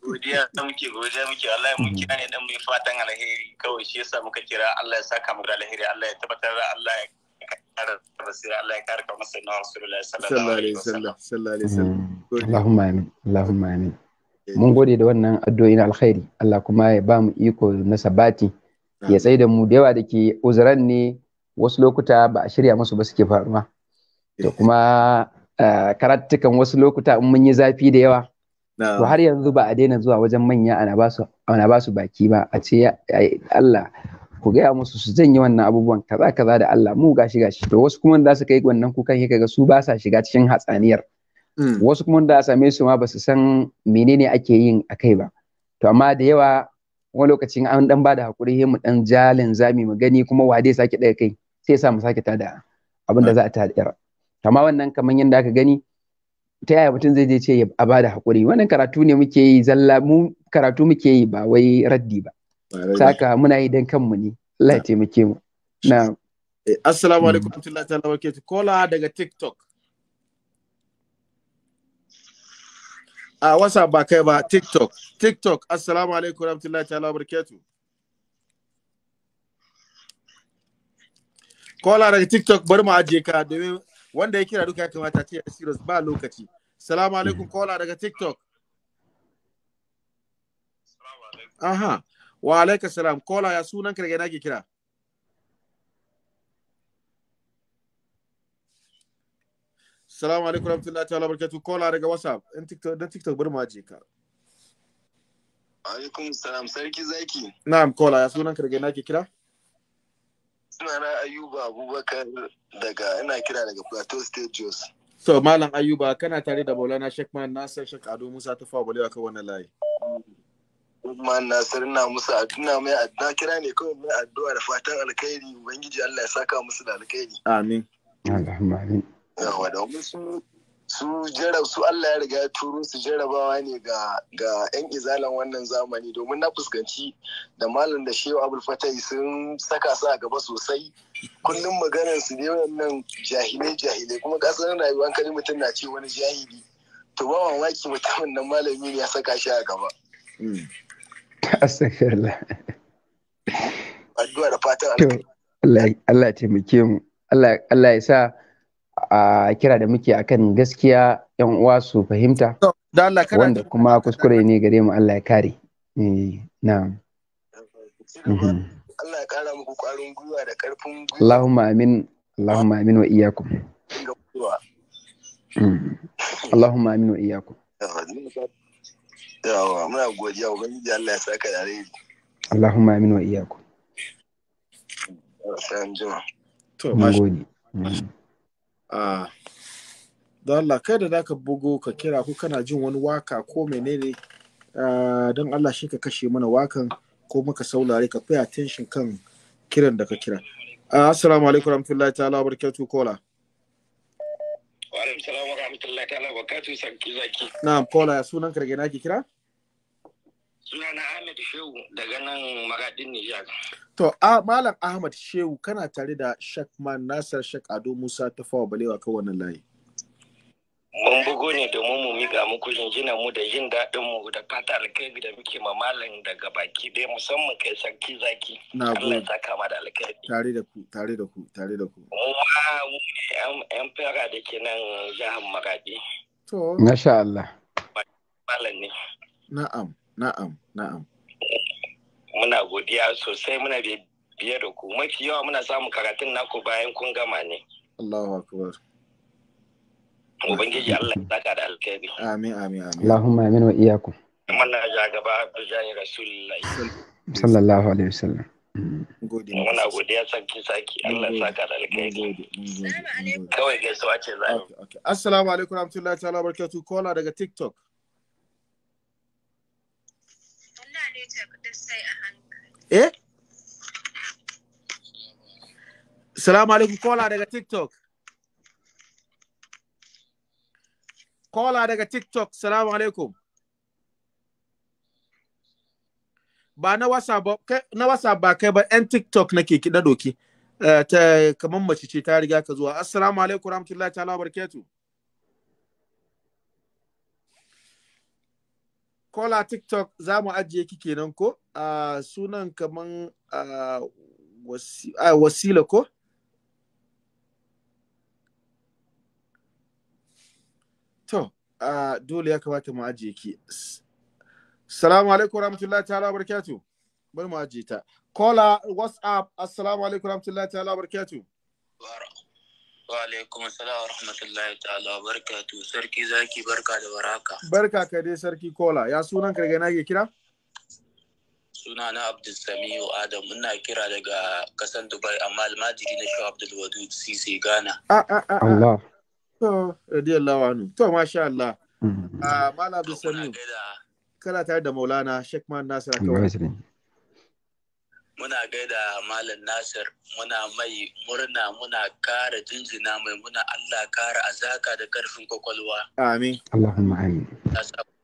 Godiya da muke godiya muke Allah mun kira ne dan mai fatan alheri kawai shi yasa muka kira Allah ya saka mu da alheri Allah ya tabbatar da Allah ya Mm. Eh. mun gode da wannan addu'o'in alkhairi Allah kuma ya ba mu iko na sabati ya tsaye da mu da yawa da ke uzuran ne wasu lokuta ba a shirya musu ba suke faruwa da eh. kuma eh, karattukan wasu lokuta in mun yi zafi da yawa to har yanzu ba a daina zuwa wajen manya ana ba su baki ba a ce Allah ku gaya musu su zan yi wannan abubuwan kaza kaza da Allah mu gashi gashi to wasu kuma da su kai wannan kukan kaga su ba sa shiga cikin hatsaniyar hmm. wasu kuma da a same su ma ba su san menene ake yin akai ba to amma da yawa wani lokacin an dan bada hakuri mu dan jalin zami mu gani kuma wa dai sake daga kai sai sa mu sake tada abin da za a tada amma wannan kamar yadda aka gani ta yaya mutum zai je ce a bada hakuri wannan karatu ne muke yi zalla mu karatu muke yi ba wai raddi ba saka muna yi don kanmu ne Allah ya taimake mu na eh, assalamu alaikum warahmatullahi ta'ala barakatuh kola daga tiktok a ah, wasa ba kai ba tiktok tiktok assalamu alaikum warahmatullahi ta'ala barakatuh kola daga tiktok bari mu ajiye ka domin wanda ya kira duka ya kamata ce sirius ba lokaci assalamu alaikum mm. kola daga tiktok aha wa alaika salam kola ya sunan ka na ke kira salamu alaikum rahmatullahi ta'ala barkatu kola daga whatsapp in tiktok dan tiktok bari ma je ka alaikum salam sarki zaki na'am kola ya sunan ka na ke kira sunana ayuba abubakar daga ina kira daga plateau state jos so malam ayuba kana tare da maulana shekman nasir shek ado musa ta fawa balewa kan wannan layi kuma Nasir na musu addu'a mai addu'a kira ne kawai mai addu'a da fatan alkhairi ubangiji Allah ya saka musu da alkhairi. Amin. Allahumma amin. Yawa da su su jarab su Allah ya riga ya turo su jarabawa ne ga yan izalan wannan zamani domin na fuskanci da malam da shehu abul fatai sun saka su a gaba sosai kullum maganar su ne wannan jahilai jahilai kuma kasar rayuwa kan mutum na ce wani jahili to ba mamaki mutumin nan malami ne ya saka shi a gaba. Hmm. Astaghfirullah. Addu'a da Allah taimake mu. Allah ya sa a kira da muke akan gaskiya yan uwa su fahimta. Wanda kuma kuskure ne gare mu Allah ya kare. Eh, mhm. Allahumma amin. Allahumma amin wa iyyakum. yawa muna godiya ubangiji Allah ya saka da rai Allahumma amin wa iyaku. san jima to mashi mm. ah, don Allah kai da zaka bugo ka kira ko kana jin wani waka ko menene ah, don Allah shi ka kashe mana wakan ko muka saulare ka pay attention kan kiran da ka kira ah, assalamu alaikum warahmatullahi ta'ala wa barakatuh kola Wa alaikum salam wa rahmatullahi ta'ala wa katu sarki zaki. Na'am kola ya sunan karge na ki kira? Sunana Ahmed Shehu daga nan Magadin Nijar. To a Malam Ahmad Shehu kana tare da Shakman Nasir Sheikh Ado Musa ta fawa balewa kan wannan layi. mun bugo ne domin mu miƙa muku jinjina mu da jin daɗin mu da fata alkhairi da muke ma malam daga baki ɗaya musamman kai sarki zaki Allah ya saka da alkhairi tare da ku tare da ku tare da ku mu ma mu ne yan fara da ke nan jihar Maradi to masha Allah malam ne na'am na'am na'am muna godiya sosai muna biye da ku mafi yawa muna samun karatun naku bayan kun gama ne Allahu akbar ubangiji Allah ya saka da alkhairi amin amin amin Allahumma amin wa iyyakum mana ja gaba da jayi rasulullahi sallallahu alaihi wasallam muna godiya saki Allah da alkhairi kawai gaisuwa ce za mu assalamu alaikum rahmatullahi ta'ala kola daga tiktok Eh? Salamu alaikum kola daga TikTok. Kola daga TikTok, salamu alaikum. Ba na WhatsApp ba kai ba, ‘yan TikTok nake kiɗa doki, eh, ta kamar mace ce ta riga ka zuwa. Assalamu alaikum rahmatullahi ta'ala barkatu. Kola TikTok za mu ajiye ki kenan ko? Ah, sunan kaman ah, ah, wasila ko? to dole ya kamata mu ajiye ki assalamu alaikum rahmatullahi ta'ala wabarakatuh Bar mu ajiye ta kola whatsapp assalamu alaikum warahmatullahi ta'ala wabarakatuh alaikum assalam rahmatullahi ta'ala barkatu sarki zaki barka da Baraka. barka ka dai sarki kola ya sunan ka daga ke kira suna na abdul samiu adam ina kira daga kasan dubai amma almajiri na shi abdul wadud sisi ghana Allah To, radiyallahu anhu. To, masha Allah. A Mala Bisani, kana tare da Maulana Shekman Nasir kawai. Muna gaida Malam Nasir, muna mai murna, muna kara jinjina mai muna Allah kara azaka da karfin kwakwalwa. Amin. Allahumma amin.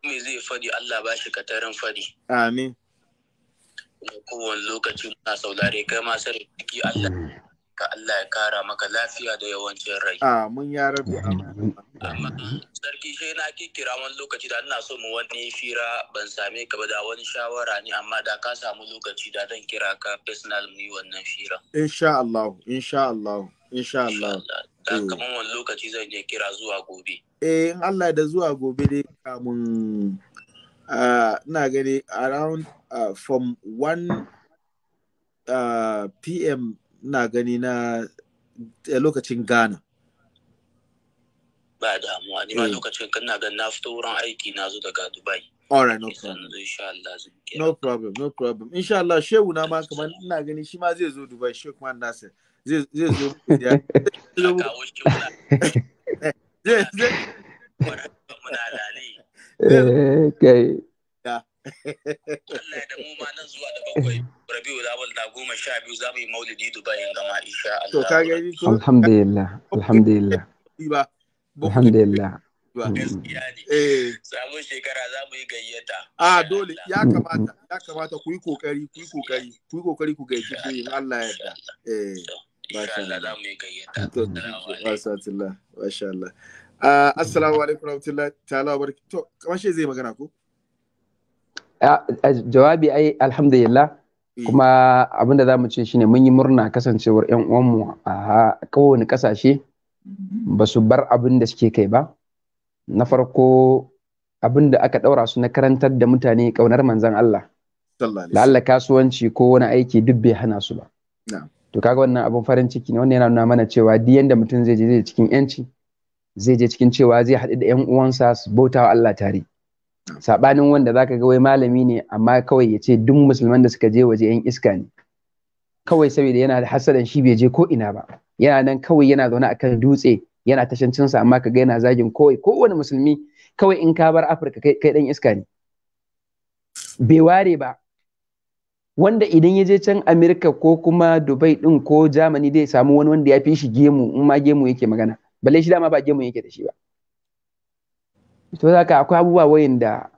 me zai fadi Allah ba shi katarin fadi. Amin. Kowane lokaci muna saulare kai ma sarki Allah. Mm. ka Allah ya kara maka lafiya da yawancin rai. mun ya rabu. Sarki shi na kira wani lokaci da ina so mu wani fira ban same ka ba da wani shawara ne amma da ka samu lokaci da zan kira ka personal mu yi wannan fira. Insha Allah, insha Allah, insha Allah. Da eh. kamar wani lokaci zan je kira zuwa gobe. Eh in Allah da zuwa gobe dai kamun ina gani around from 1 uh, p.m. ina gani na eh, lokacin Ghana. Ba damuwa, ni ma eh. lokacin kan na na fito wurin aiki na zo daga Dubai. All right, no problem. No problem, no problem. Insha Allah, shehu na ma kamar ina gani shi ma zai zo Dubai, Sheikh Man Nasir. Zai zo ya. Zai zo. Allah da mu ma nan zuwa da bakwai Rabiu goma sha biyu za mu yi maulidi Dubai in gama insha Allah. To ka gani to. Alhamdulillah, alhamdulillah. Alhamdulillah. Mm. Eh. Samun shekara za mu yi gayyata. Ah dole ya kamata ya kamata ku yi kokari ku yi kokari ku yi kokari ku gaishe ku in Allah ya yarda. Eh. Masha Allah za mu yi gayyata. Masha Allah. Masha Allah. Ah, assalamu alaikum warahmatullahi ta'ala wa barakatuh. kamar shi zai magana ko? jawabi ai alhamdulillah mm. kuma abinda za mu ce shine mun yi murna kasancewar yan uwanmu a kowane kasashe mm-hmm. ba su bar abin da suke kai ba na farko abin aka ɗaura su na karantar da mutane kaunar manzan Allah Allah kasuwanci ko wani aiki duk bai hana su ba to kaga wannan abin farin ciki ne wannan yana nuna mana cewa duk yanda mutum zai je cikin yanci zai je cikin cewa zai haɗu da yan uwansa su bauta wa Allah tare sabanin wanda zaka ga wai malami ne amma kawai ya ce duk musulman da suka je waje yan iska ne kawai saboda yana da hasadan shi bai je ko ina ba yana nan kawai yana zaune akan dutse yana tashancinsa amma ga yana zagin kowai wani musulmi kawai in ka bar afirka kai dan iska ne bai ware ba wanda idan ya je can amerika ko kuma dubai din ko germany zai samu wani wanda ya fi shi gemu in ma gemu yake magana balle shi dama ba gemu yake da shi ba to ka akwai abubuwa da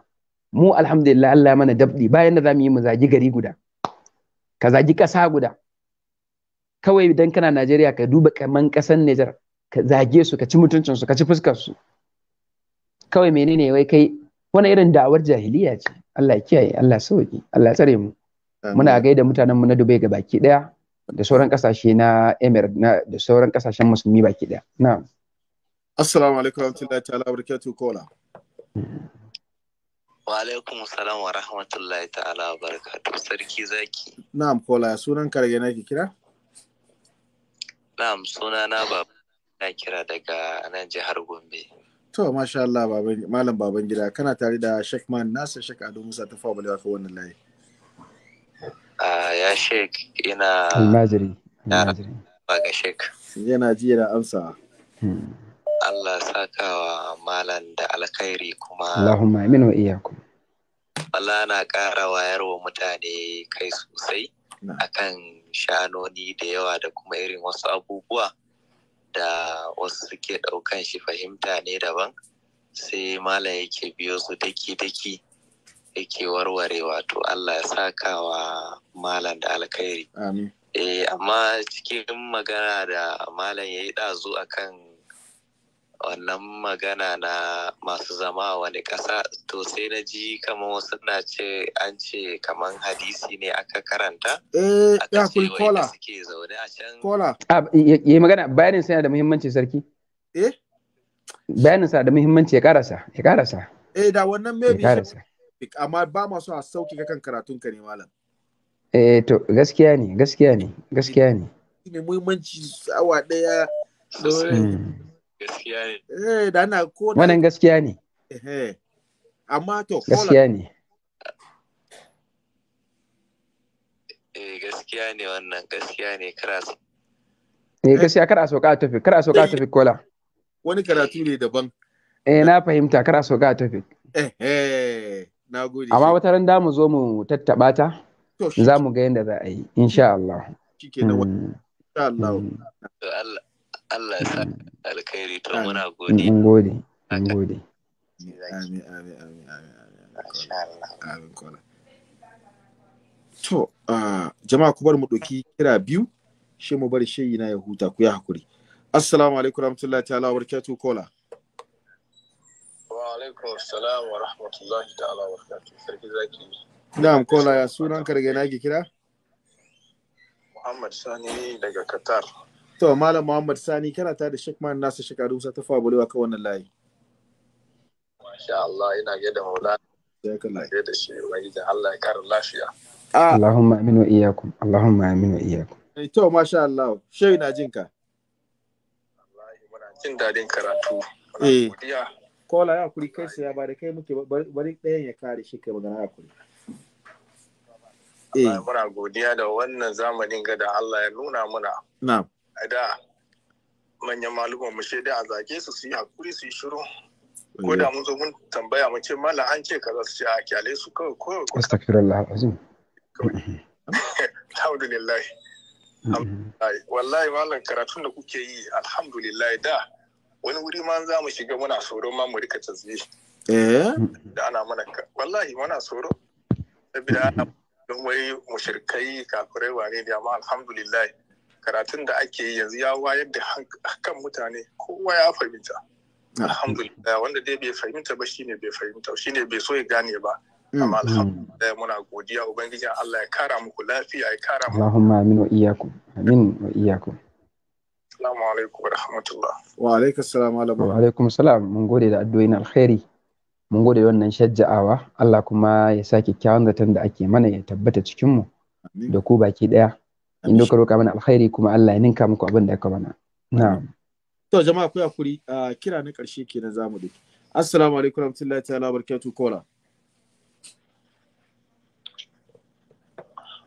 mu alhamdulillah Allah mana dabdi bayan da zamu yi mu zagi gari guda ka zagi ƙasa guda kawai idan kana Najeriya ka duba kaman kasan Nijar ka zage su ka ci mutuncin su ka ci fuskar su kawai menene wai kai wani irin da'awar jahiliya ce Allah ya kiyaye Allah sauki Allah tsare mu muna gaida mutanen mu na Dubai ga baki daya da sauran kasashe na Emirates da sauran kasashen musulmi baki daya na'am Assalamu alaikum warahmatullahi ta'ala barakatuh kola. Wa alaikum salam wa rahmatullahi ta'ala barakatuh sarki zaki. Na'am kola sunan karge na kira? Na'am suna na baba na kira daga nan jihar Gombe. To masha Allah baban malam baban gida kana tare da Sheikh Man Nasir Sheikh Ado Musa ta fa balewa ka wannan layi. Ah ya Sheikh ina Almajiri. Almajiri. Ba ga Sheikh. Yana jira amsa. Hmm. Allah sakawa malam da alkhairi kuma Allahumma amin wa iyyakum Allah na ƙara wayar wa mutane kai sosai akan shanoni da yawa da kuma irin wasu abubuwa da wasu suke ɗaukan shi fahimta ne daban sai malam yake biyo su daki-daki yake warware wato Allah ya sakawa malam da alkhairi. Eh, amma cikin magana da malam ya yi ɗazu akan wannan magana na masu zama a wani ƙasa to sai na ji kamar wasu na ce an ce kamar hadisi ne aka karanta eh, a ya wani kola suke zaune a can kola ah, yi magana bayanin sa da muhimmanci sarki eh? bayanin sa da muhimmanci ya karasa ya karasa eh da wannan maybe amma ba masu a sauki ga kan karatun ka ne malam eh to gaskiya ne gaskiya ne gaskiya ne ne muhimmanci awa daya hmm. Gaskiya ne. Eh, da ana ko Wannan gaskiya ne. Eh, amma to Holland. gaskiya ne. Eh, gaskiya ne wannan gaskiya ne kara Eh, gaskiya kar a soka tafi, kar a soka eh, tafi kola. Wani karatu ne daban. Eh, na fahimta kar a soka tafi. Eh, eh, na gode. Amma wata randa mu zo mu tattaba ta. za mu ga yadda za a yi insha Allah. Mm. Insha Allah. Mm. Allah. Allah ya sa alkhairi to muna gode mun gode mun gode amin amin amin amin amin amin to ah, jama'a ku bar mu doki kira biyu shi mu bari na ya huta ku ya hakuri assalamu alaikum rahmatullahi ta'ala wa barakatuh kola sarki zaki na'am kola ya sunan ka daga kira muhammad sani daga qatar To, Malam Muhammad Sani, kana ta da Shekman nasa shekaru sa ta fabulewa ka wannan layi. Masha Allah, ina ga da maula. Ya ka lafiya da shi, wai da Allah ya kare lafiya. Ah. Allahumma aminu iyakum, Allahumma aminu iyakum. Eh, to, masha Allah, shehu na jinka. Wallahi, muna jin daɗin karatu. Eh. Kola ya kuri kai sai ya ba kai muke bari ɗayan ya kare shi kai magana ya kuri. Eh. Muna godiya da wannan zamanin ga da Allah ya nuna muna. Na'am. a da manyan malumar mu shaida a zage su su yi hakuri su yi shiru ko da mun zo mun tambaya mu ce mala an ce kaza su ce a kyale su kawai ko ko astaghfirullah azim alhamdulillah wallahi malam karatun da kuke yi alhamdulillah da wani wuri ma za mu shiga muna tsoro ma mu rika tasbih eh da ana mana wallahi muna tsoro saboda ana don wai mushrikai kafirai wane ne amma alhamdulillah karatun da ake yi yanzu ya wayar da kan mutane kowa ya fahimta ah. alhamdulillah wanda dai bai fahimta ba shine bai fahimta shine bai so ya gane ba mm, amma mm. alhamdulillah muna godiya ubangijin Allah ya kara muku lafiya ya kara muku Allahumma amin wa iyyakum amin wa iyyakum Assalamu alaikum wa rahmatullah wa alaikum assalam wa alaikum assalam mun gode da addu'o'in alkhairi mun gode wannan shajja'awa Allah kuma ya sa kyakkyawan zaton da ake mana ya tabbata cikin mu da ku baki daya inda ka roƙa mana alkhairi kuma Allah ya ninka muku abin da ya mana na'am to jama'a ku hakuri kira na ƙarshe kenan zamu dai assalamu alaikum warahmatullahi ta'ala barakatuh kola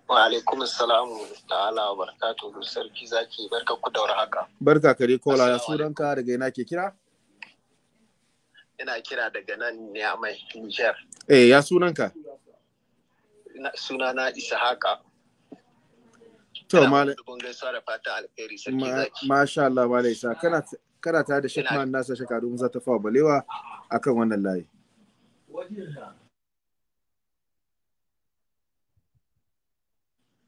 wa alaikum assalamu ta'ala wa barakatuhu sarki zaki barka ku da haka barka kare kola ya sunanka daga ina ke kira ina kira daga nan ne a mai Nijar. eh ya sunanka sunana Isa Haka To da fata sarki zaki. Masha Allah malam Isa kana kana tare da shekaru Man Nasa Shekaru za ta Tafawa Balewa akan wannan layi.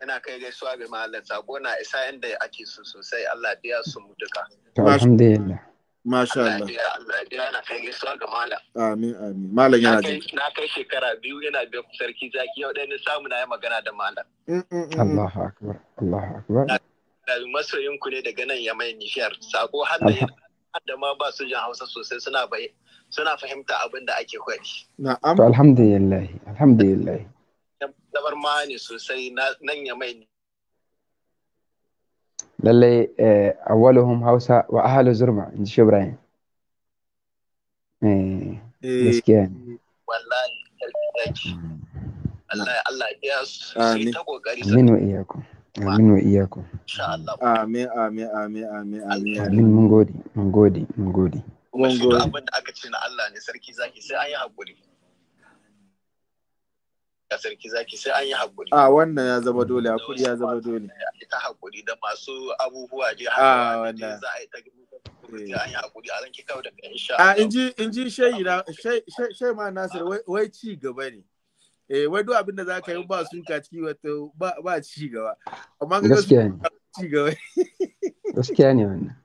Ina kai gaisuwa ga malam sako na isa inda ake so sosai Allah biya su mu duka. Alhamdulillah. Masha Allah. Allah ya na kai gaisuwa ga malam. Amin amin. Malam yana ji. Na kai shekara biyu yana da sarki zaki yau ɗaya na samu na yi magana da malam. Mm, mm, mm. Allahu akbar. Allahu akbar. Na masoyin ku ne daga nan ya mai nishiyar. Sako har da ma ba su jin Hausa sosai suna bai suna fahimta abin da ake kwari. Na'am. To alhamdulillah. Alhamdulillah. Dabar ma ne sosai nan ya mai lallai eh, awwaluhum hausa wa ahalu zurma in ji ibrahim amin amin amin amin amin amin amin mun aka ce na Allah ne sarki zaki sai an yi hakuri a sarki zaki sai an yi hakuri A wannan ya zama dole, hakuri ya zama dole. Ita hakuri da masu abubuwa je haka za a yi ta A in ji in ma Nasir wai ci gaba ne. Eh wai duk abin da za ka yi ba su ka ciki wato ba ba ci gaba. Amma ga gaskiya Ci gaba. Gaskiya ne wannan.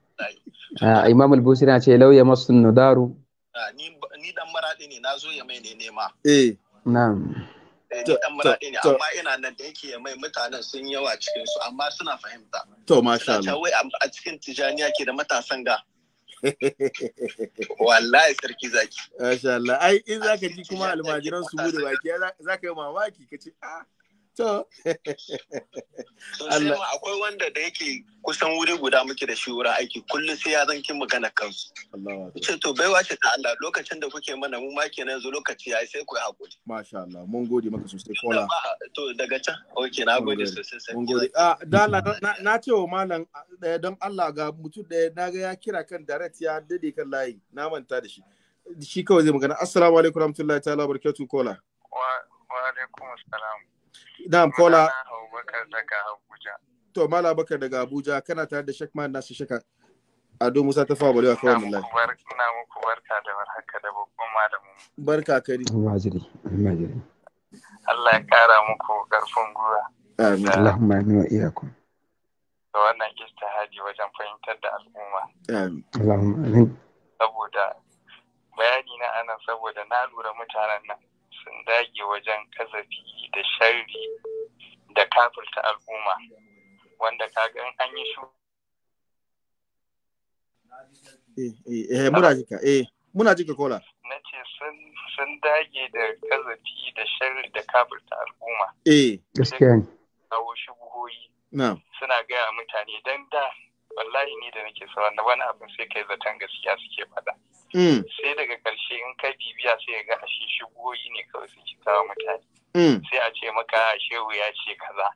Imam Al-Busiri na ce lauya masu nudaru. Ni dan maradi ne na zo ya mai ne nema. Eh. Na'am. Eh, dan ne amma ina nan da yake mai mutanen sun yawa cikin su amma suna fahimta to masha Allah a cikin tijaniya ke da matasan ga wallahi sarki zaki masha Allah ai in zaka ji kuma almajiran su bude baki zaka yi mamaki kace ah To. Sosai ma akwai wanda da yake kusan wuri guda muke da shi wurin aiki kullum sai ya zan kin magana kansu. Ce to baiwa ce ta Allah lokacin da kuke mana mu ma kenan yanzu lokaci yayi sai ku hakuri. Masha Allah mun gode maka sosai kola. To daga can oke na gode sosai Mun gode. Ah, dala na ce wa malam ah, don Allah ga mutum ɗaya na ga ya kira kan direct ya daidai kan layi na manta da shi. Shi kawai zai magana assalamu alaikum warahmatullahi ta'ala barakatuh kola. Wa alaikum assalam. Na'am kola. Abubakar daga Abuja. To Mala Abubakar daga Abuja kana tare da Sheikh Mahmud Nasir Sheikh Ado Musa ta fawa balewa kawai wallahi. Ina muku barka da warhaka da babban malamin. Barka kari. Majiri. Majiri. Allah ya kara muku karfin gwiwa. Amin. Allahumma amin wa iyakum. Da wannan istihadi wajen fahimtar da al'umma. Amin. Allahumma amin. Saboda bayani na anan saboda na lura mutanen nan. sun dage wajen kazafi da sharri da kafirta al'umma wanda ka gan an yi shu eh, eh, eh muna jika eh muna jika kola na ce sun dage da kazafi da sharri da kafirta al'umma eh gaskiya ne kawo shubuhoyi suna gaya mutane don da wallahi ni da nake sauran wani abin sai kai zaton gaskiya suke faɗa Mm. sai daga ƙarshe in ka bibiya sai ga ashe shigoyi ne kawai cika wa mutane mm. sai a ce maka ah, shehu ya ce kaza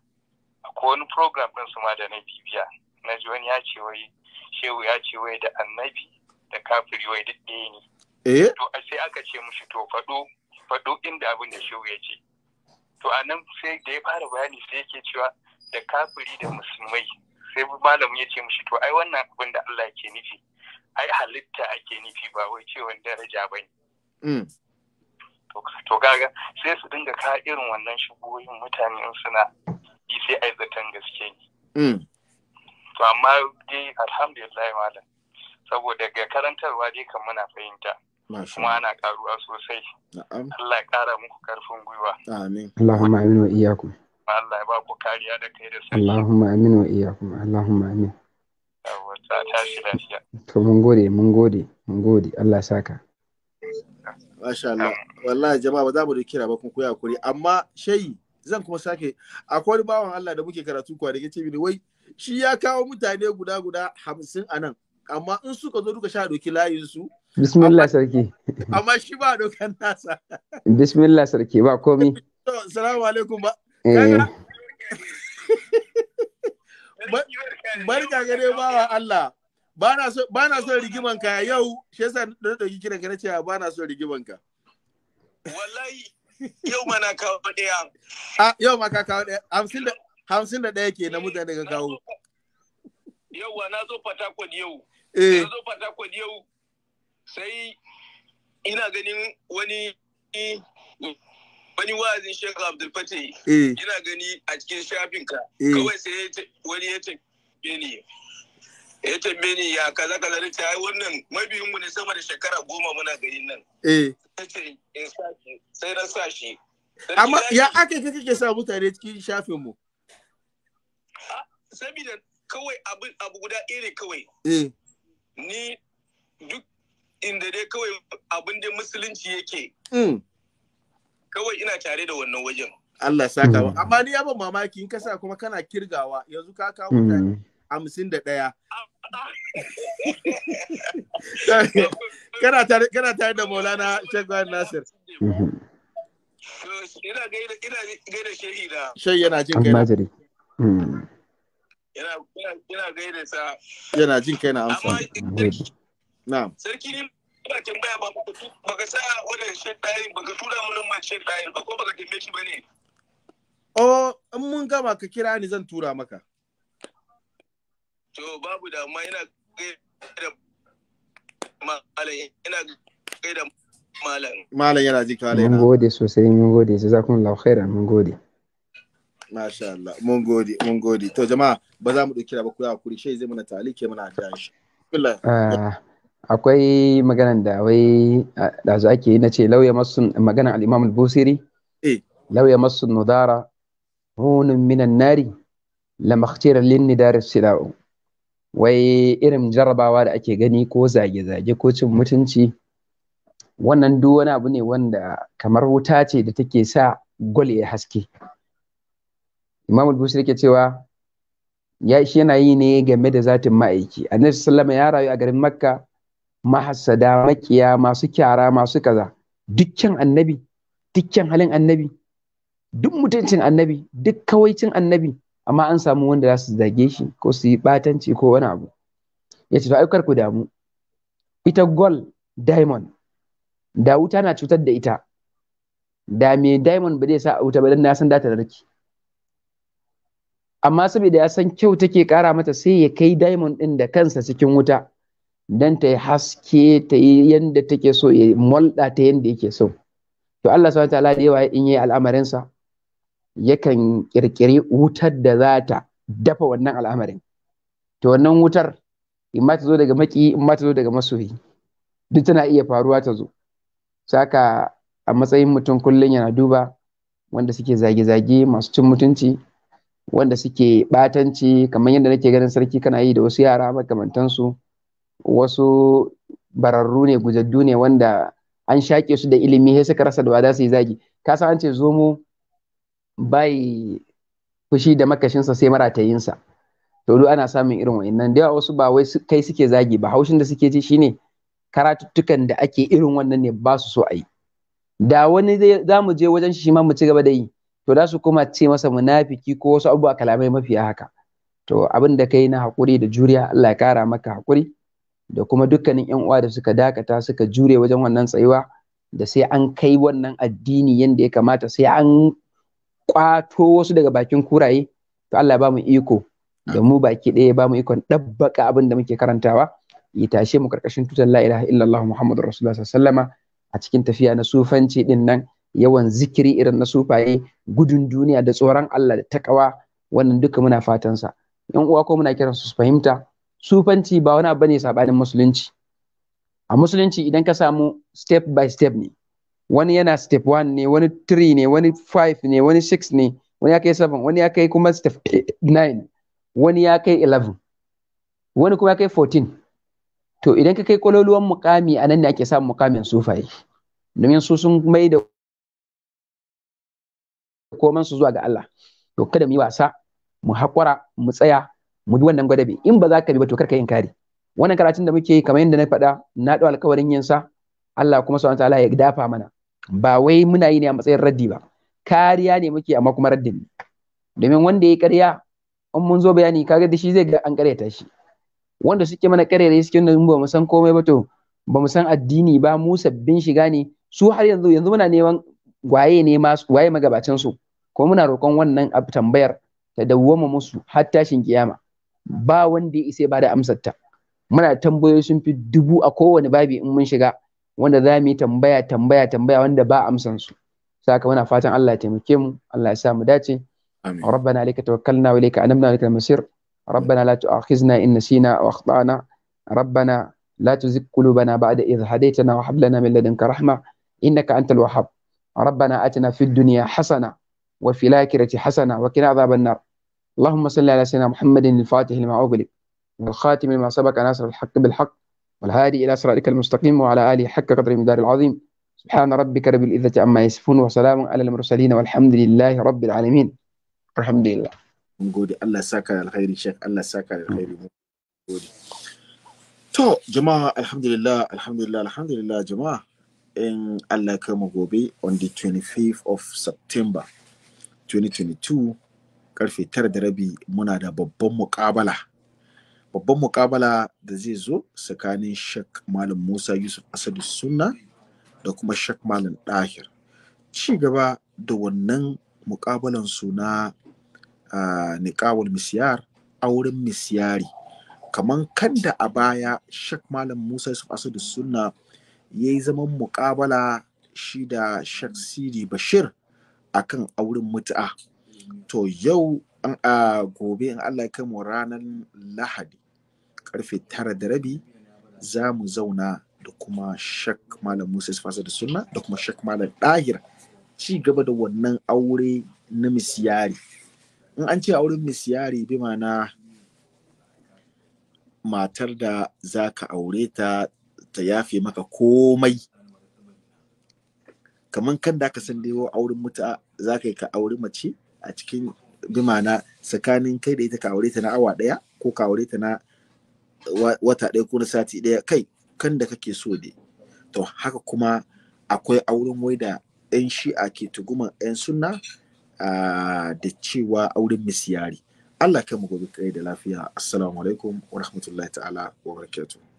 akwai wani program ɗin su ma da na bibiya na ji wani ya ce wai shehu ya ce wai da annabi da kafiri wai duk ɗaya ne eh? to sai aka ce mushi to faɗo faɗo inda abin da shehu ya ce to a nan sai da ya fara bayani sai yake cewa da kafiri da musulmai sai malamin ya ce mushi to ai wannan abin da Allah ke nufi ai halitta ake nufi ba wai ciwon daraja ba ne. Mm. To gaga sai su dinga ka irin wannan shigoyin mutane in suna yi sai a zaton gaske ne. Mm. To amma dai alhamdulillah malam saboda ga karantarwa dai kan muna fahimta. kuma ana karuwa sosai. Allah ya kara muku karfin gwiwa. Amin. Allahumma amin wa iyakum. Allah ya ba ku kariya da kai da sai. Allahumma amin wa iyakum. Allahumma amin. Yawwa ta shi lafiya. To mun gode, mun gode, mun gode. Allah saka. Masha Allah. Wallahi jama'a ba za mu da kira ba kun koya kuri amma shayi zan kuma sake akwai wani bawan Allah da muke karatu kwa da ke ce wai shi ya kawo mutane guda guda hamsin a nan amma in suka zo duka sha doki layin su bismillah sarki amma shi ba dokan nasa bismillah sarki ba komi salamu alaikum ba eh. barka ga dai bawa Allah so bana so rigiman ka yau shi yasa na dauki kiran ka nace ah, bana so rigiman ka wallahi yau ma na kawo daya a ah, yau ma ka kawo daya hamsin da hamsin da daya ke na mutane daga kawo yauwa na zo Fatakwal yau eh. na zo Fatakwal yau sai ina ganin wani wani wa'azin Sheikh Abdul Fatih yana eh. gani a cikin shafinka eh. kawai sai wani ya tambaye ni ya tambaye ni ya kaza kaza da ta wannan mabiyin mu ne sama da shekara goma muna gani nan eh. sai na sa shi amma ya ake kake ke sa mutane cikin shafin mu saboda kawai abu guda iri kawai ni duk inda dai kawai abin da musulunci yake hmm. kawai ina tare da wannan wajen Allah saka wa hmm. amma ni abin mamaki in kasa kuma kana kirgawa yanzu ka kawo hmm. mutane hamsin da ɗaya kana tare da maulana shagwan nasir hmm. ina gaida shehi da shai yana jin kai yana gaida sa yana jin kai na amsa Na. sarki ina tambaya ba baka sa wannan shed ba ka tura mu nan man shed ba ko baka tambaye shi ba ne. oh in mun gama ka kira ni zan tura maka to babu da amma ina gaida malam ina gaida malam malam yana ji kawai mun gode sosai mun gode jazakumullahu khairan mun gode Masha Allah, mun gode, mun gode. To jama'a ba za mu ɗauki ba ku ya shai zai muna talike muna jiya shi. Bismillah. Ah, akwai maganan da wai da za ake yi na ce lauya masu maganan al'imam al-busiri eh. lauya masu nudara hunun minan nari lamakhtirar linni darar sila'u wai irin jarabawa da ake gani ko zage-zage ko cin mutunci wannan duk wani abu ne wanda kamar wuta ce da take sa gol ya haske imam al-busiri ke cewa ya shi yana yi ne game da zatin ma'aiki annabi sallama ya rayu a garin makka mahassada makiya masu kyara masu kaza dukkan annabi dukkan halin annabi duk mutuncin annabi duk kawaicin annabi amma an samu wanda za su zage shi ko su yi batanci ko wani abu ya ce to aikar ku damu ita gold diamond da wuta na cutar da ita da me diamond ba zai sa a wuta ba dan na san data narki amma saboda ya san kyau take kara mata sai ya kai diamond din da kansa cikin wuta dan ta yi haske ta yi yanda take so ya molda ta yanda yake so to Allah subhanahu ta'ala da yawa in yi al'amarin sa yakan kirkiri wutar da za ta dafa wannan al'amarin to wannan wutar in ma ta zo daga maki in ma ta zo daga masoyi duk tana iya faruwa ta zo saka a matsayin mutum kullum yana duba wanda suke zage-zage masu cin mutunci wanda suke batanci kamar yadda nake ganin sarki kana yi da wasu yara makamantansu wasu bararru ne gujaddu ne wanda an shaƙe su da ilimi sai suka rasa da su yi zagi ka san an ce zomo bai fushi da makashinsa sai maratayinsa to do ana samun irin wa'annan da wasu ba wai kai suke zagi ba haushin da suke ji shine karatuttukan da ake irin wannan ne ba su so a yi da wani za mu je wajen shi ma mu ci gaba da yi to za su kuma ce masa munafiki ko wasu abubuwa kalamai mafiya haka to abin da kai na haƙuri da juriya Allah ya kara maka haƙuri da kuma dukkanin yan uwa da suka dakata suka jure wajen wannan tsayuwa da sai an kai wannan addini yadda ya kamata sai an kwato wasu daga bakin kuraye to Allah ba mu iko da mu baki ɗaya ba mu ikon ɗabbaka abin da muke karantawa ya tashe mu karkashin tutar la ilaha illallah muhammadur rasulullah a cikin tafiya na sufanci din nan yawan zikiri irin na sufaye gudun duniya da tsoron Allah da takawa wannan duka muna fatan sa yan uwa ko muna kiran su fahimta sufanci ba wani abu ne sabanin musulunci a musulunci idan ka samu step by step ne wani yana step 1 ne wani 3 ne wani 5 ne wani 6 ne wani ya kai 7 wani ya kai kuma step 9 wani ya kai 11 wani kuma ya kai 14 to idan ka kai kwaloluwan mukami a nan ne ake samun mukamin sufaye domin su sun mai da koman su zuwa ga Allah to kada mu yi wasa mu haƙura mu tsaya mu bi wannan gwadabe in ba za ka bi ba to ka yin kari wannan karatun da muke kamar yadda na faɗa na ɗau alkawarin yin sa Allah kuma subhanahu ta'ala ya dafa mana ba wai muna yi ne a matsayin raddi ba kariya ne muke amma kuma raddi ne domin wanda ya karya in mun zo bayani kaga da shi zai ga an karyata shi wanda suke mana karyare suke nan ba mu san komai ba to ba mu san addini ba mu sabbin shiga ne su har yanzu yanzu muna neman waye ne ma waye magabacin su kuma muna roƙon wannan tambayar ta dawwama musu har tashin kiyama ba wanda ya isa ba da amsar ta muna tambayoyi sun fi dubu a kowane babu in mun shiga wanda za mu yi tambaya tambaya tambaya wanda ba amsan su saka muna fatan Allah ya taimake mu Allah ya sa mu dace amin rabbana alayka tawakkalna wa ilayka anabna wa masir rabbana la tu'akhizna in nasina wa akhtana rabbana la tuzigh qulubana ba'da idh hadaytana wa hab lana min ladunka rahma innaka antal wahhab ربنا اتنا في الدنيا حسنه وفي الاخره حسنه وقنا عذاب النار اللهم صل على سيدنا محمد الفاتح لما أغلق والخاتم لما سبق ناصر الحق بالحق والهادي إلى صراطك المستقيم وعلى آله حق قدر المدار العظيم سبحان ربك رب العزة عما يصفون وسلام على المرسلين والحمد لله رب العالمين الحمد لله gode Allah saka alkhairi Sheikh Allah saka جماعه الحمد لله الحمد لله الحمد لله جماعه in Allah kama gobe on the 25th of September 2022 karfe tara da rabi muna da babban mukabala babban mukabala da zai zo tsakanin shek malam musa yusuf asadu sunna da kuma shek malam dahir ci gaba da wannan mukabalan suna na uh, niƙawar misiyar auren misiyari kaman kanda a baya shek malam musa yusuf asadu sunna ya yi zaman mukabala shi da shak sidi bashir akan auren mutu'a to yau a gobe in Allah ya mu ranar lahadi karfe tara da rabi za mu zauna da kuma shak malam musa fasa da sunna da kuma shak malam ɗahir ci gaba da wannan aure na misiyari in an ce auren misiyari bi mana matar da za ka aure ta ta yafe maka komai kamar kan da ka san dai wa auren muta za ka yi ka auri mace a cikin bimana tsakanin kai da ita ka aure ta na awa ɗaya ko ka aure ta na wata ɗaya ko na sati ɗaya kai kan da kake so ne to haka kuma akwai auren wai da 'yan shi'a ke tuguman 'yan sunna da cewa auren misiyari Allah kai mu gobe kai da lafiya assalamu alaikum wa rahmatullahi ta'ala wa barakatuh